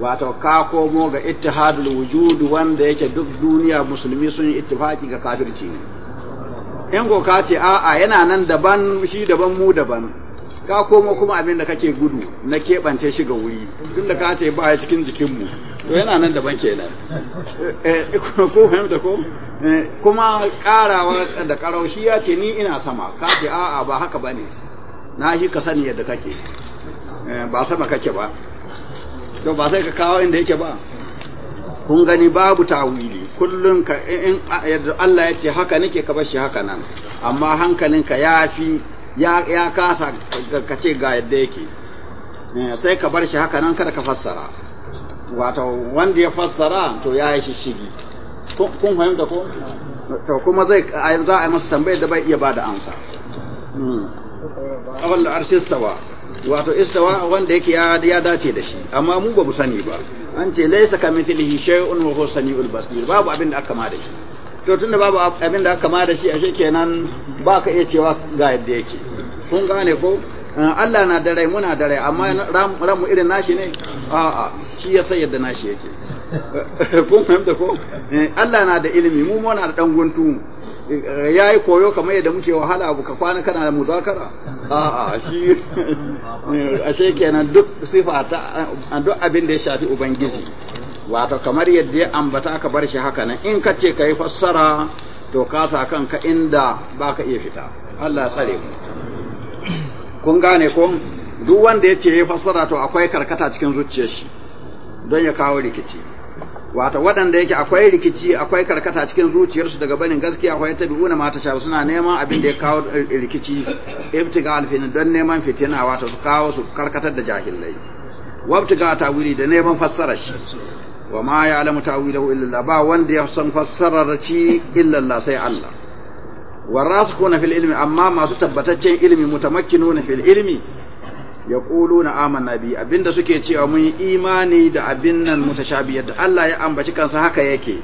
wato ka komo ga ittihadul wujud wanda yake duk duniya musulmi sun yi ittifaki ga kafirci ne in ko ka ce a'a yana nan daban shi daban mu daban ka komo kuma abin da kake gudu na keɓance shi ga wuri tunda ka ce ba cikin jikinmu to yana nan daban kenan eh, eh, ko fahimta ko eh, kuma karawa da karaushi ya ce ni ina sama ka ce a'a ba haka bane na shi ka sani yadda kake ba sama kake ba to ba sai ka kawo inda yake ba kun gani babu tawili kullum ka in Allah ya ce haka nake ka bashi haka nan amma hankalinka ya fi ya kasa ka ce ga yadda yake sai ka bar shi haka nan kada ka fassara wato wanda ya fassara to ya yi shishigi kun fahimta ko to kuma zai za a yi masa tambayar da bai iya da amsa hmm. awal arshi istawa wato istawa wanda yake ya dace da shi amma mu ba mu sani ba an ce laisa kamithlihi shay'un wa huwa samiul basir babu abin da aka ma da shi to tunda babu abin da aka ma da shi ashe kenan ba ka iya cewa ga yadda yake kun gane ko Eh, Allah na da rai muna da rai amma mm. ranmu irin nashi ne a'a shi ya sai yadda nashi yake kun fahimta ko eh, Allah na da ilimi mu muna da dan guntu eh, yayi koyo kamar yadda muke wahala abu ka kwana kana da muzakara a'a shi a sai kenan duk sifa ta duk abin da ya shafi ubangiji wato kamar yadda ya ambata ka bar shi haka nan in ka ce kai fassara to ka sa kanka inda baka iya fita Allah ya tsare mu kun gane ko duk wanda ya ce ya fassara to akwai karkata cikin zuciyar shi don ya kawo rikici wata waɗanda yake akwai rikici akwai karkata cikin zuciyarsu daga barin gaskiya akwai ta biyu na mata shabu suna neman abin da ya kawo rikici ibtiga alfin don neman fitina wata su kawo su karkatar da jahilai wabtiga tawili da neman fassarar shi wa ma ya alamu tawilahu illa ba wanda ya san fassarar ci illa sai Allah na fil ilmi amma masu tabbataccen ilmi mutamakkinuna fil ilmi na amanna bi abinda suke cewa mun imani da abin nan biyar da Allah ya ambaci kansa haka yake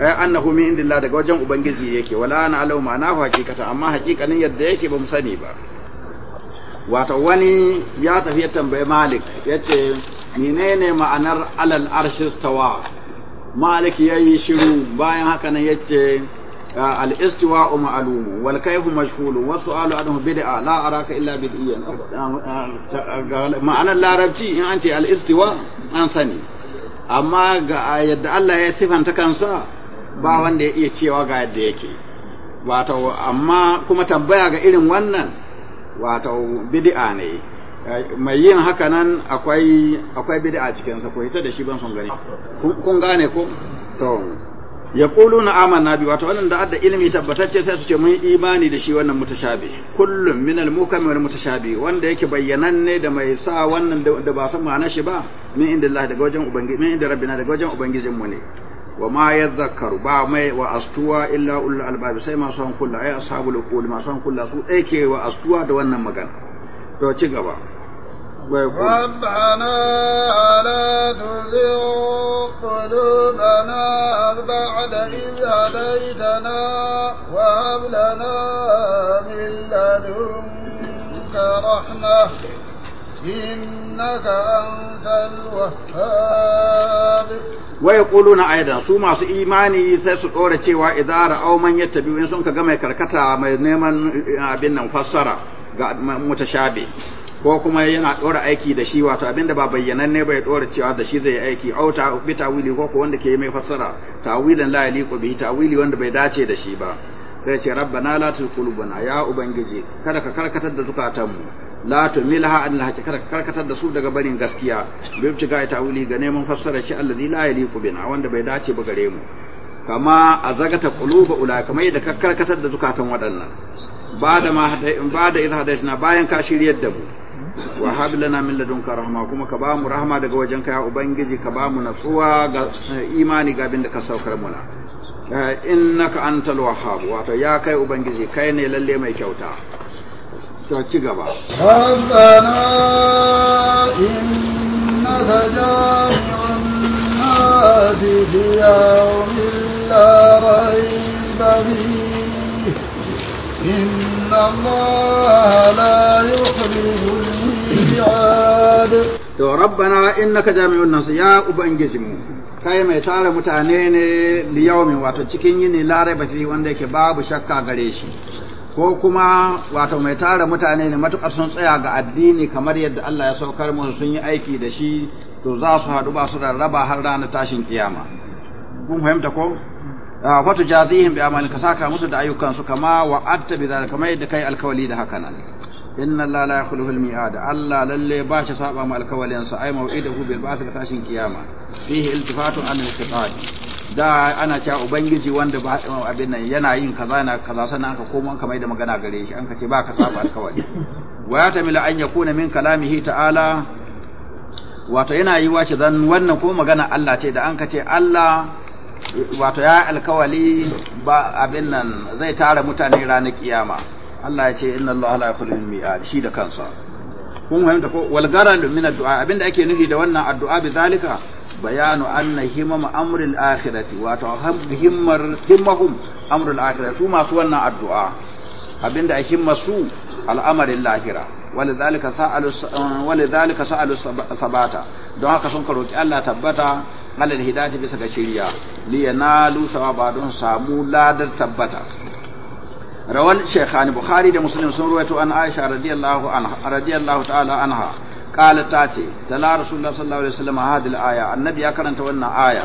ay annahu min indillah daga wajen ubangiji yake wala ana alau ma'anahu hakikata amma hakikanin yadda yake ba mu sani ba wato wani ya tafi ya tambayi malik yace menene ma'anar alal arshis tawa malik yayi shiru bayan haka nan yace al’istiwa’u ma’alumu, walkaihu mashhulu, wasu alu adamu bida’a, la’ara ka illa bid’iyya. Ma’anar larabci in an ce al’istiwa an sani, amma ga yadda Allah ya sifanta kansa ba wanda ya iya cewa ga yadda yake. Amma kuma tambaya ga irin wannan, wata bid’a ne, mai yin haka nan akwai bid’a cikinsa, ko hita da ban son gani. Kun gane ko? yaquluna na biyu wato wannan da adda ilimi tabbatacce sai su ce mun imani da shi wannan mutashabi kullum min al mukam wal mutashabi wanda yake bayyananne da mai sa wannan da ba san ma'anar shi ba min inda Allah daga wajen ubangiji min inda rabbina daga wajen ubangijin mu ne wa ma yadhakkaru ba mai wa astuwa illa ulul albab sai masu hankula ai ashabul qul masu hankula su dai ke wa astuwa da wannan magana to ci gaba ربنا لا تزغ قلوبنا بعد إذ هديتنا وهب لنا من لدنك رحمة إنك أنت الوهاب ويقولون أيضا su masu imani sai su ɗora cewa idara au man biyu in sun ka ga mai karkata mai neman abin nan fassara ga mutashabi ko kuma yana ɗora aiki da shi wato abinda ba bayyananne bai ɗora cewa da shi zai yi aiki au ta bi tawili ko ko wanda ke mai fassara tawilin la yaliqu bi tawili wanda bai dace da shi ba sai ce rabbana la bana. ya ubangiji kada ka karkatar da mu la tumilha an alhaqi kada ka karkatar da su daga barin gaskiya bi ga tawili ga neman fassara shi alladhi la yaliqu bina wanda bai dace ba gare mu kama a zagata kuluba ula kama yadda ka karkatar da zukatan waɗannan ba da ma ba da idha bayan ka shiryar da mu wa hab lana min ladunka rahma kuma ka ba mu rahma daga wajen ka ya ubangiji ka ba mu natsuwa ga eh, imani ga abin da ka saukar muna eh, innaka antal wahhab wato ya kai ubangiji kai ne lalle mai kyauta ta ci gaba rabbana innaka jami'un nasi fi yawmin la rayba الله لا الميعاد to rabbana innaka jami'un nas ya mu kai mai tara mutane ne li yawmin wato cikin yini lare ba fi wanda yake babu shakka gare shi ko kuma wato mai tara mutane ne matukar sun tsaya ga addini kamar yadda Allah ya saukar mu sun yi aiki da shi to za su haɗu ba su rarraba har ranar tashin kiyama kun fahimta ko fatu ah, jazihim bi amalin ka saka musu da ayyukansu kama wa'adta bi zalika kama yadda kai alkawali da haka nan inna allaha la yakhlufu al-mi'ad allah lalle ba shi saba ma alkawalin sa ai mau'idahu bil ba'th ka tashin kiyama fihi iltifatun an al-qitab da ana cewa ubangiji wanda ba abin nan yana yin kaza na kaza sannan ka komo mai da magana gare shi an ka ce ba ka saba alkawali wa ya tamila an yakuna min kalamihi ta'ala wato yana yi wace zan wannan ko magana Allah ce da an ka ce Allah wato ya alkawali ba abin nan zai tara mutane ranar kiyama Allah ya ce inna Allah la yakhlul mi'ad shi da kansa kun fahimta ko wal garal min addu'a abinda ake nufi da wannan addu'a bi zalika bayanu anna himam amril akhirati wato himmar himmahum amrul akhirati su masu wannan addu'a abinda a himma su al'amarin lahira walidhalika sa'alu walidhalika sa'alu sabata don haka sun karoki Allah tabbata alal hidayati bisa ga shiriya liyanalu ba don samu ladar tabbata rawan shekhani bukhari da muslim sun ruwaito an aisha radiyallahu anha radiyallahu ta'ala anha qala ta ce tala rasulullah sallallahu alaihi wasallam hadil aya annabi ya karanta wannan aya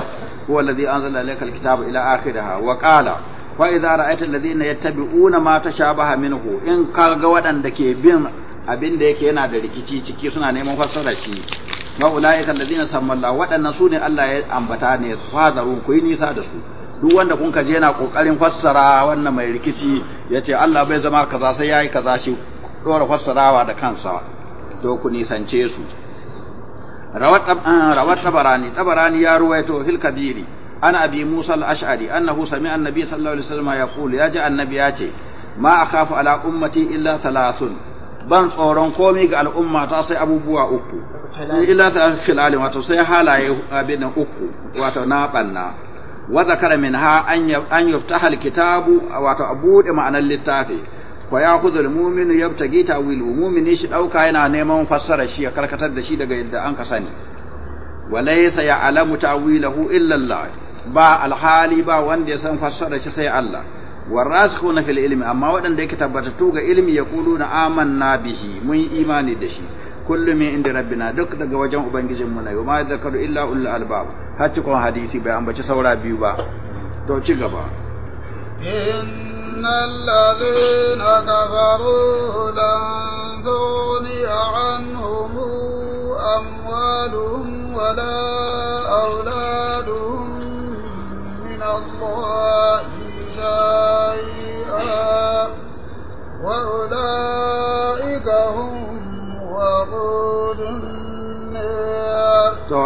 huwa alladhi anzala alayka alkitaba ila akhiriha wa qala wa idza ra'aita alladhina yattabi'una ma tashabaha minhu in kaga wadanda ke bin abin da yake yana da rikici ciki suna neman fassara shi wa ulaika alladhina samalla waɗannan sune Allah ya ambata ne fazaru ku yi nisa da su duk wanda kun je yana kokarin fassara wannan mai rikici yace Allah bai zama kaza sai yayi kaza shi dora fassarawa da kansa to ku nisance su rawat ah, tabarani tabarani ya ruwaito fil kabiri Ana abi musa al-ash'ari annahu sami'a annabi sallallahu alaihi wasallam yaqulu ya ji annabi ya ce ma akhafu ala ummati illa thalathun ban tsoron komi ga al'umma ta sai abubuwa uku illa ta filali wato sai halaye abin uku wato na banna wa zakara ha an hal alkitabu wato a bude ma'anar littafi fa ya khudhu almu'min yabtagi ta'wilu mu'min shi dauka yana neman fassara shi ya karkatar da shi daga yadda an ka sani laysa ya'lamu ta'wilahu illa Allah ba alhali ba wanda ya san fassara shi sai Allah warasikhuna fil ilmi amma waɗanda yake tabbatatu ga ilmi yaquluna amanna bihi mun imani da shi kullum min inda rabbina duk daga wajen ubangijin mu ne ma zakaru illa ulul albab har cikon hadisi bai ambaci saura biyu ba to ci gaba innal ladina kafaru lan wala شيئا وأولئك هم وقود to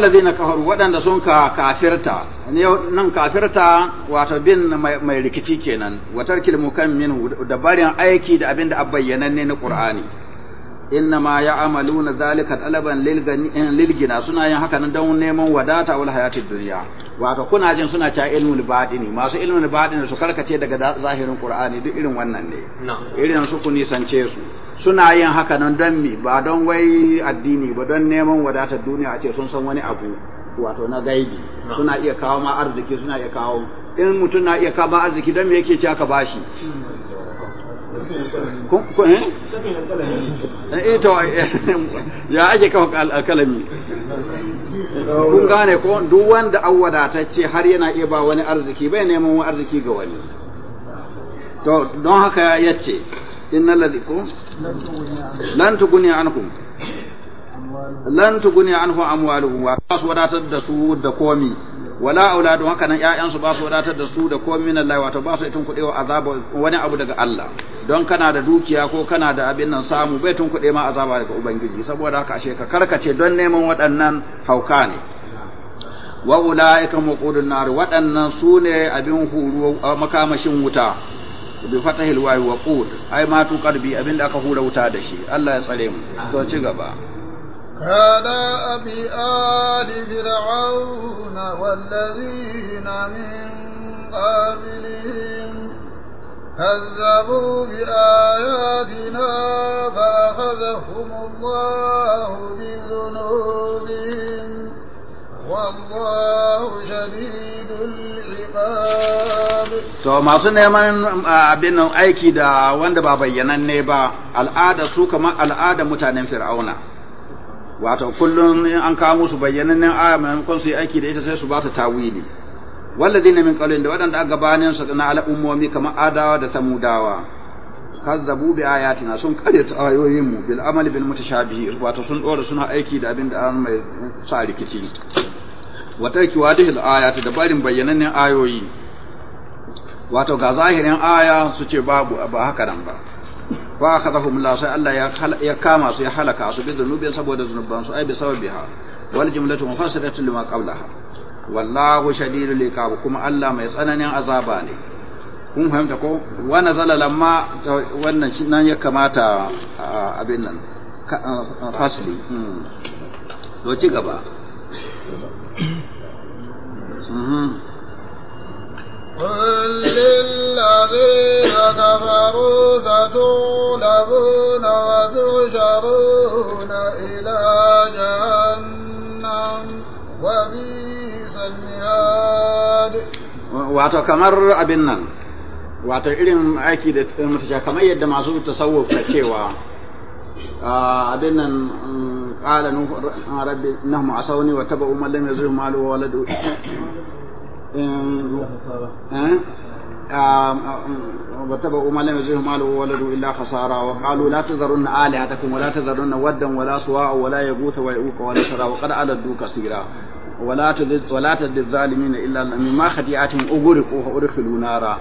ladina kafaru waɗanda sun ka kafirta nan kafirta wato bin mai rikici kenan watar kilmu kan min da barin aiki da abin da ne na qur'ani inna ma ya'maluna zalika talaban lil suna yin haka nan don neman wadata wal hayatid dunya wato kuna jin suna cewa ilmul badini masu ilmul badini su karkace daga zahirin qur'ani duk irin wannan ne irin su ku nisance su suna yin haka nan don mi ba don wai addini ba don neman wadatar duniya a ce sun san wani abu wato na gaibi suna iya kawo ma arziki suna iya kawo in mutum na iya kawo ma arziki don me yake ci aka bashi ito eh? eh, ya ake kafa alkalami kun gane ko duk wanda an wadatacce har yana iya ba wani arziki bai neman wani arziki ga wani to don haka ya ce inna ladhiku lan tuguni anhum lan tuguni anhum amwaluhum wa su wadatar da su da komi wala auladu haka nan su ba su wadatar da su da komai min Allah wato ba su itun kuɗe wa azaba wani abu daga Allah don kana da dukiya ko kana da abin nan samu bai tun kuɗe ma azaba daga ubangiji saboda haka ashe ka karkace don neman waɗannan hauka ne wa ulaika muqudun nar waɗannan su ne abin huru makamashin wuta bi fatahil wayi wa qud ai ma tu qalbi abin da aka hura wuta da shi Allah ya tsare mu to ci gaba كان أبي آل فرعون والذين من قبلهم كذبوا بآياتنا فأخذهم الله بذنوبهم والله شديد العقاب to masu neman abin aiki da wanda ba bayyananne ba al'ada su kamar al'ada mutanen fir'auna wato kullum in an kawo musu bayyanannen aya maimakon su yi aiki da ita sai su ba ta tawili ne min qawlin da wadanda aka gabanin su na al'ummomi kamar adawa da samudawa kazzabu bi ayatina sun ta ayoyin mu bil amali bil mutashabihi wato sun dora suna aiki da abin da an mai sa rikici ki wadi al ayati da barin bayyanannen ayoyi wato ga zahirin aya su ce babu ba haka nan ba wa akhadhahum mula sai Allah ya kama su ya halaka su bi dhunubin saboda zunuban su ai bi sababiha wal jumlatu mufassiratun lima qablaha wallahu shadidul kuma Allah mai tsananin azaba ne kun fahimta ko wa nazala lamma wannan shi nan ya kamata abin nan fasli hmm. to ci gaba mhm. قل للذين كفروا ستغلبون وتحشرون إلى جهنم وبئس المهاد wato kamar abin nan wato irin aiki da mutace kamar yadda masu tasawuf ka cewa abin nan mm, qala nuhu rabbi nahmu asawni wa tabu man lam yazur malu wa waladu واتبعوا ما لم يزله ماله وولده الا خسارا وقالوا لا تذرن الهتكم ولا تذرن ودا ولا سواء ولا يغوث ويعوق ولا سرا وقد علدوا كثيرا ولا تذل ولا تذل الظالمين الا مما خديعتهم اغرقوا فادخلوا نارا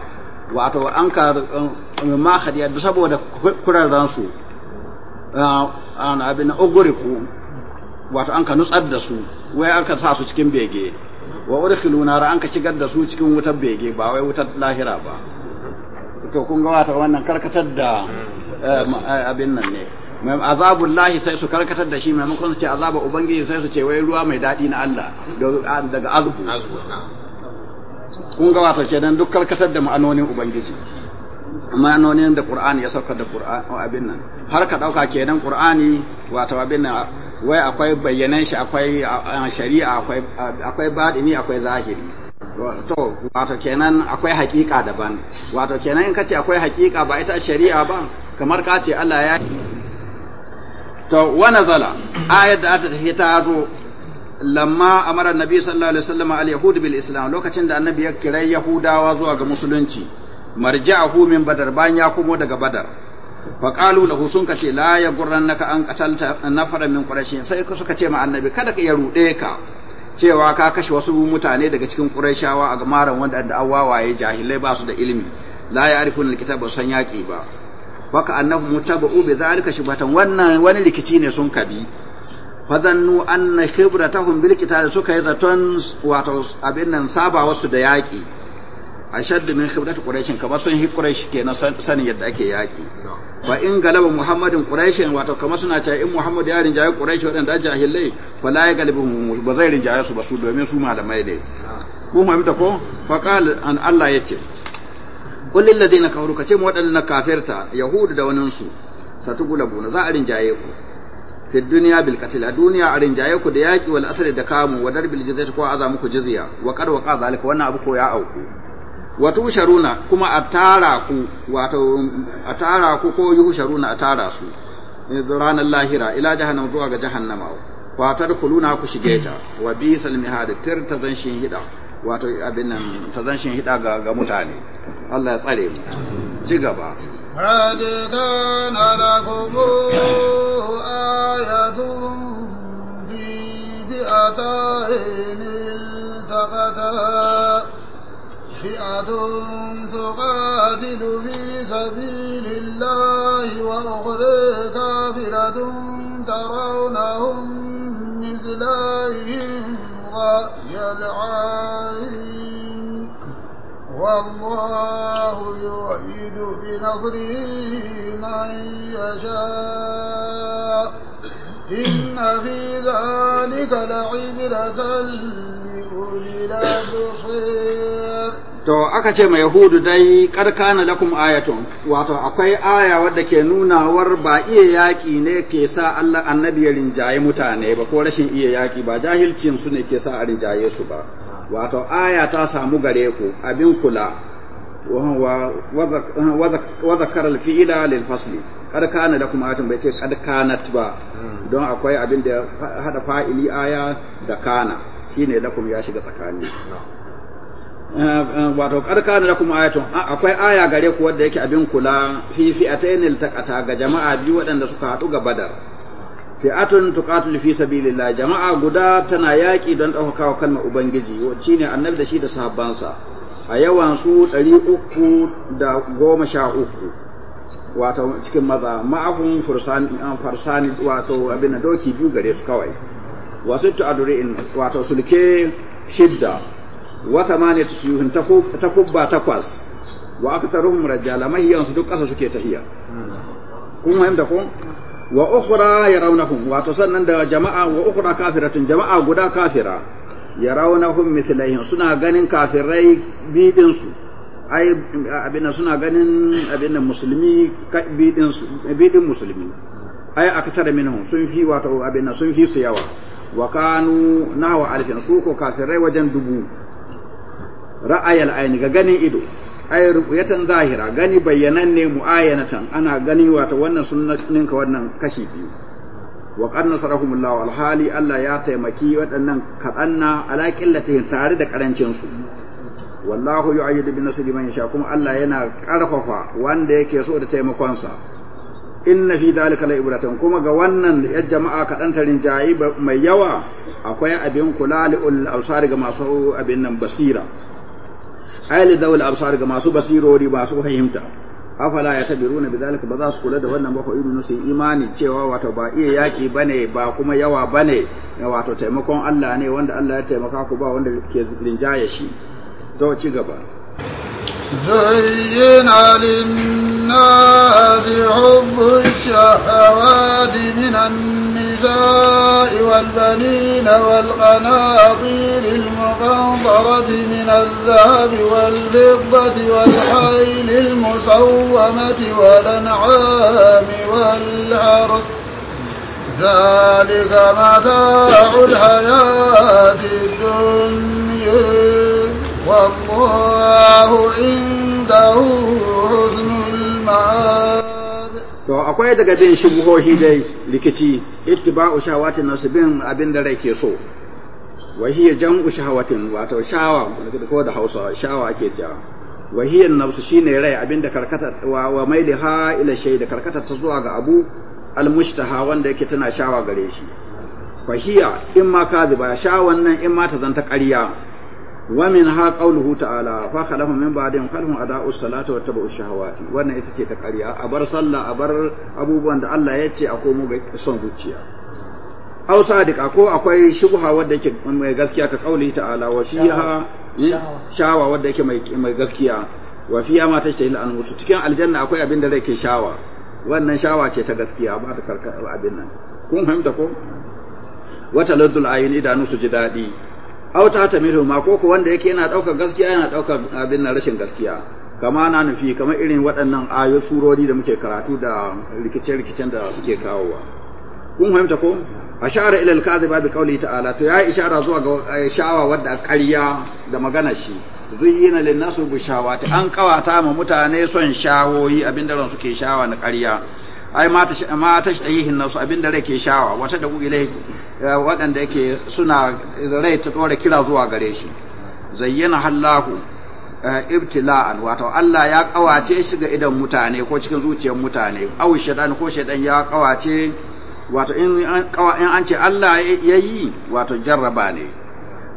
wato an ka ma hadiya da saboda kurarran su an abin ogore ku wato an ka nutsar da su wai an ka sa su cikin bege wa urkhilu nar an ka shigar da su cikin wutar bege ba wai wutar lahira ba to kun ga wata wannan karkatar da eh, eh, abin nan ne mai azabul lahi sai su karkatar da shi maimakon su ce azaba ubangiji sai su ce wai ruwa mai daɗi na Allah daga azbu kun ga wata kenan duk karkatar da ma'anonin ubangiji ma'anonin da qur'ani ya sauka da qur'ani abin nan har ka dauka kenan qur'ani wato abin nan wai akwai bayyanan shi akwai shari'a akwai baɗi badini akwai zahiri to wato kenan akwai hakika daban wato kenan in kace akwai hakika ba ita shari'a ba kamar ka ce Allah ya to wa nazala ayat da ta tafi ta zo lamma amara annabi sallallahu alaihi wasallam al yahud bil islam lokacin da annabi ya kira yahudawa zuwa ga musulunci marja'ahu min badar bayan ya komo daga badar fa qalu lahu sun ce la yagurrannaka an qatalta nafaran min quraish sai suka ce ma annabi kada ka ya ruɗe ka cewa ka kashe wasu mutane daga cikin quraishawa a gamaran wanda da awawaye jahilai ba su da ilimi la ya'rifuna likita ba san yaki ba baka annahu mutaba'u bi zalika shibatan wannan wani rikici ne sun kabi fadannu anna khibratahum bil da suka yi zaton wato abin nan saba wasu da yaƙi. shaddu min khibratu quraish kamar sun hi quraish na sanin yadda ake yaki fa in galaba muhammadin quraish wato kamar suna cewa in muhammad ya rinjaye quraish wadanda jahilai fa la galibu ba zai rinjaye su ba su domin su malamai ne ko ma bita ko fa qal an allah yace qul lil ladina kafaru kace mu wadannan kafirta yahudu da wanin su buna za a rinjaye ku fi duniya bil katil a duniya a rinjaye ku da yaki wal asri da kamu wa darbil jizyati ko azamu ku jizya wa qad wa qad zalika wannan abu ko ya auku wa tusharuna kuma a tara ku wato a tara ku ko yuhsharuna a tara su ranar lahira ila jahannam zuwa ga jahannama wa tadkhuluna ku shige ta wa bi salmi hada tir ta zan shin hida wato abin nan ta zan shin hida ga ga mutane Allah ya tsare mu ci gaba قد كان لكم آية في فئتين التقتا فئة تقاتل في سبيل الله وأخرى كافرة ترونهم مثليهم رأي العين والله يؤيد بنصره من يشاء إن في ذلك لعبرة لأولي الأبصار to aka ce mai hudu dai karkana lakum ayatun wato akwai aya wadda ke nunawar ba iya yaƙi ne ke sa Allah annabi ya rinjaye mutane ba ko rashin iya yaƙi ba jahilcin su ne ke sa a rinjaye su ba wato aya ta samu gare ku abin kula wa zakara alfi'ila lil fasli karkana lakum ayatun bai ce karkanat ba hmm. don akwai abin da hada fa'ili aya da kana shine lakum ya shiga tsakani Eh, wato karka da kuma ayatun akwai aya gare ku wadda yake abin kula fi fi'atain iltaqata ga jama'a biyu waɗanda suka haɗu ga badar fi'atun tuqatul fi sabilillah jama'a guda tana yaƙi don ɗaukakawa kalmar ubangiji ne annabi da shi da sahabbansa a yawan su ɗari uku da goma sha uku wato cikin maza an farsani wato abin da doki biyu gare su kawai wasu tu'aduri'in wato sulke shidda wa thamaniyatu suyuhin takubba takwas wa aktharuhum rajala mahiyan su duk kasa suke tahiya kun fahimta ko wa ukhra yarawnahum wato sannan da jama'a wa ukhra kafiratun jama'a guda kafira yarawnahum mithlahum suna ganin kafirai bidin su ai abin suna ganin abin musulmi bidin su bidin musulmi ai akthara minhum sun fi wato abin sun fi su yawa wa kanu nahwa alfin su ko kafirai wajen dubu ra'ayal aini ga ganin ido ay ru'yatan zahira gani ne mu'ayanatan ana gani wata wannan sunnatin ka wannan kashi biyu wa qanna nasarahum Allah alhali Allah ya taimaki waɗannan kadanna ala qillatihim tare da karancin su wallahu yu'ayyidu bin nasri man yasha kuma Allah yana karfafa wanda yake so da taimakon sa inna fi dhalika la ibratan kuma ga wannan ya jama'a kadan tarin jayi mai yawa akwai abin kula li ul absar ga masu abin nan basira ayli dawul absar ga masu basirori masu fahimta afala ya tabiruna bidalika ba za su kula da wannan ba ko ibnu su imani cewa wato ba iya yaki bane ba kuma yawa bane wato taimakon Allah ne wanda Allah ya taimaka ku ba wanda ke rinjaye shi to ci gaba زين للناس حب الشهوات من النساء والبنين والقناطير المقنطرة من الذهب والفضة والحيل المصومة والأنعام والعرق ذلك متاع الحياة الدنيا والله عنده حسن المآب to akwai daga bin shubuhohi dai likici ittiba'u shahawatin nasu bin abin da rai ke so wa hiya jam'u shahawatin wato shawa ko da Hausa shawa ake cewa wa hiya nafsu shine rai abin da karkata wa, wa ha ila shay da karkata ta zuwa ga abu al wanda yake tana shawa gare shi fa hiya in ma kadiba shawa wannan in ma ta zanta ƙarya wa min ha qawluhu ta'ala fa khalahu min ba'dihim khalfun ada'u salata wa tabu'u shahawati wannan ita ce ta ƙarya a bar sallah a bar abubuwan da Allah ya ce a komo ga son zuciya aw sadiqa ko akwai shubha wadda yake mai gaskiya ka qawli ta'ala wa fiha shawa wadda yake mai mai gaskiya wa fiha ma tashtahil anfus cikin aljanna akwai abin da rai ke shawa wannan shawa ce ta gaskiya ba ta karkar abin nan kun fahimta ko wata lazzul ayin idanu su ji daɗi aw ta ta miru ma ko ko wanda yake yana daukar gaskiya yana daukar abin na rashin gaskiya kama na nufi kamar irin waɗannan ayo surori da muke karatu da rikice-rikicen da suke kawowa kun fahimta ko ashara ila al-kadhiba bi qawli ta'ala to ya ishara zuwa ga eh, shawa wadda ƙarya da magana shi zuyyina lin nasu bi shawati an kawata ma mutane son shawoyi abinda ran suke shawa na ƙarya ai ma ta shi nasu abin da rai ke shawa wata da ilai eh, waɗanda yake suna rai ta ɗora kira zuwa gare shi zayyana hallahu eh, ibtila'an wato Allah ya kawace shi ga idan mutane ko cikin zuciyar mutane aw shaitan ko shaitan ya kawace wato in an ce Allah yi, wato jarraba ne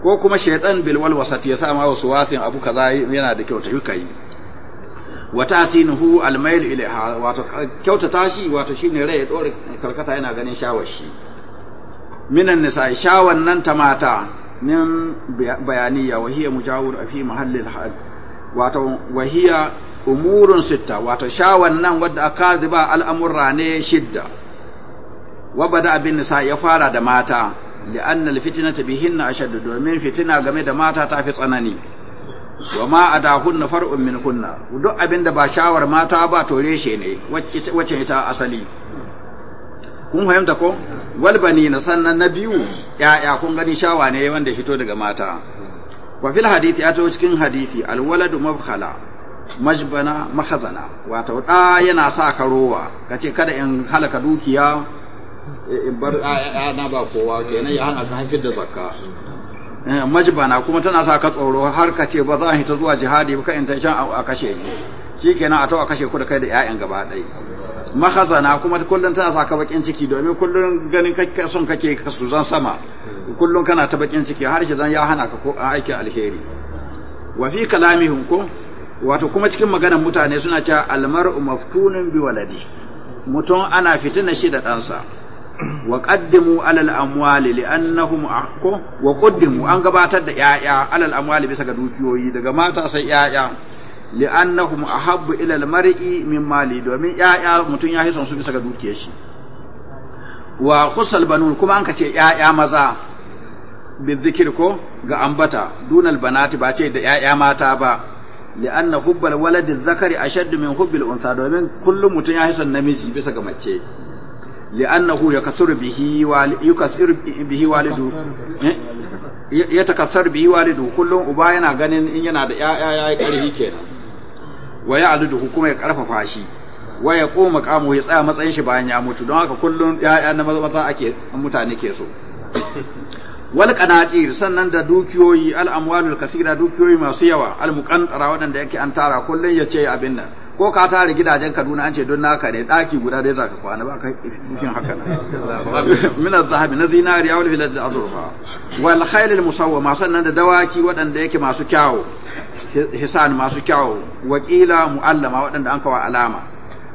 ko kuma shaitan bil walwasati ya sa ma wasu wasin abu kaza yana da kyau ta yi wa ta'sinuhu al-mail ilaiha wato kyautata shi wato shine rai ya dore karkata yana ganin shawashi minan nisa shawan nan ta mata min bayaniya wa hiya mujawir fi mahallil hal wato wa hiya umurun sitta wato shawan nan wadda akaziba al'amurra ne shidda wa bada abin nisa ya fara da mata li'anna al-fitnata bihinna ashaddu domin fitina game da mata ta fi tsanani wa ma adahunna far'un min kunna duk abinda ba shawar mata ba to reshe ne wacce ita asali kun fahimta ko wal na sannan na biyu ya'ya kun gani shawa ne wanda fito daga mata wa fil hadisi ya cikin hadisi al waladu mabkhala majbana mahazana wato da yana sa karowa kace kada in halaka dukiya in bar na ba kowa kenan ya hana ka haifar da zakka Eh, majbana kuma tana sa ka tsoro har ka ce ba za a hita zuwa jihadi ba ka in can a kashe ni shikenan a to a kashe ku da kai da ƴaƴan gaba ɗaya mahazana kuma kullun tana sa ka bakin ciki domin kullun ganin kake son kake ka su zan sama kullun kana ta bakin ciki har shi zan ya hana ka ko aiki alheri wa fi kalamihim ko wato kuma cikin maganar mutane suna cewa almar'u maftunun bi waladi mutum ana fitina shi da ɗansa wa qaddimu alal amwali li'annahum wa qaddimu an gabatar da yaya alal amwali bisa ga dukiyoyi daga mata sai yaya li'annahum ahabbu ila al mar'i min mali domin yaya mutun ya hisan su bisa ga dukiyar shi wa khusal banun kuma an kace yaya maza bizikir ko ga ambata dunal banati ba ce da yaya mata ba li'anna hubbal waladi zakari ashaddu min hubbil unsa domin kullum mutun ya hison namiji bisa ga mace لأنه يكثر به يكثر به والده ya takassar bihi walidu kullum uba yana ganin in yana da ƴaƴa yayi ƙarfi kenan wa ya alidu kuma ya karfafa shi wa ya koma kamu ya tsaya matsayin shi bayan ya mutu don haka kullum yaya na maza ake mutane ke so wal qanatir sannan da dukiyoyi al amwalul kasira dukiyoyi masu yawa al muqantara wadanda yake an tara kullum ya ce abin nan ko ka tare gidajen Kaduna an ce don naka ne daki guda dai zaka kwana ba kai yin haka min az na zinari wal filad al-azurfa wal khayl al-musawwama sannan da dawaki waɗanda yake masu kyawu hisan masu kyawu wakila muallama waɗanda an kawa alama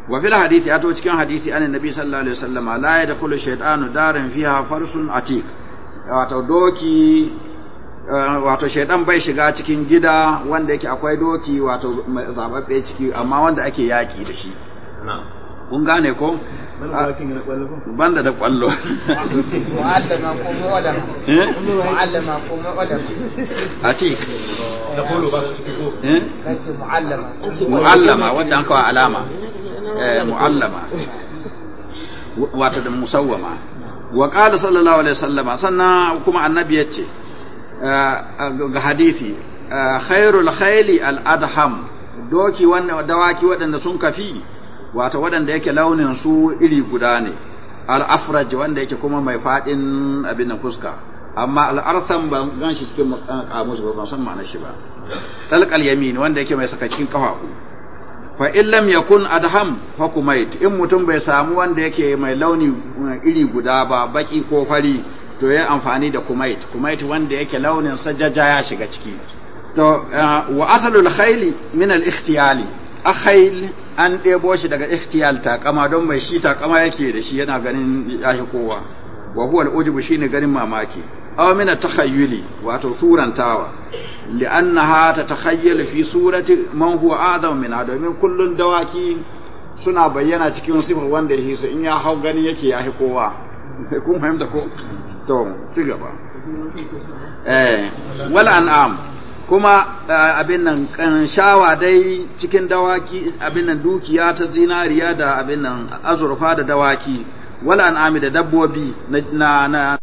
wa fil hadisi ya cikin hadisi an Nabi sallallahu alaihi wasallama la yadkhulu shaytanu darin fiha farsun atiq wato doki Eh, wato shaidan bai shiga cikin gida wanda yake akwai doki wato zababbe ciki amma wanda ake yaki da shi kun gane ko banda da kwallo mu'allama ko mu'allama eh? mu'allama ko mu'allama a ce da kwallo ba su ciki ko eh kace mu'allama mu'allama wanda an kawo alama eh, mu'allama wato da musawwama wa qala sallallahu alaihi wasallama sannan kuma annabi yace ga hadisi ah, khairul khayli al adham doki wannan dawaki waɗanda sun kafi wato waɗanda yake launin su iri guda ne al afraj wanda yake kuma mai fadin abin nan fuska amma al artham ban gan shi cikin kamus ba ban san ma'ana shi ba talqal yamin wanda yake mai sakacin kafa fa illam yakun adham fa kumait in mutum bai samu wanda yake mai launi iri guda ba baki ko fari to ya amfani da kumait kumait wanda yake launin sajaja ya shiga ciki to eh, wa asalul khayli min al ikhtiyali akhail an ɗebo shi daga ikhtiyal taƙama don mai shi taƙama yake da shi yana ganin yahi kowa wa huwa al ujubu shine ganin mamaki aw min at takhayyuli wato surantawa annaha tatakhayyal fi surati man huwa a'zamu min domin kullun dawaki suna bayyana cikin sifar wanda ya hisu in ya hau gani yake yahi kowa kun fahimta ko to ci gaba eh wal an'am kuma eh, abin nan shawa dai cikin dawaki abin nan dukiya ta zinariya da abin nan azurfa da dawaki wal an'ami da dabbobi na na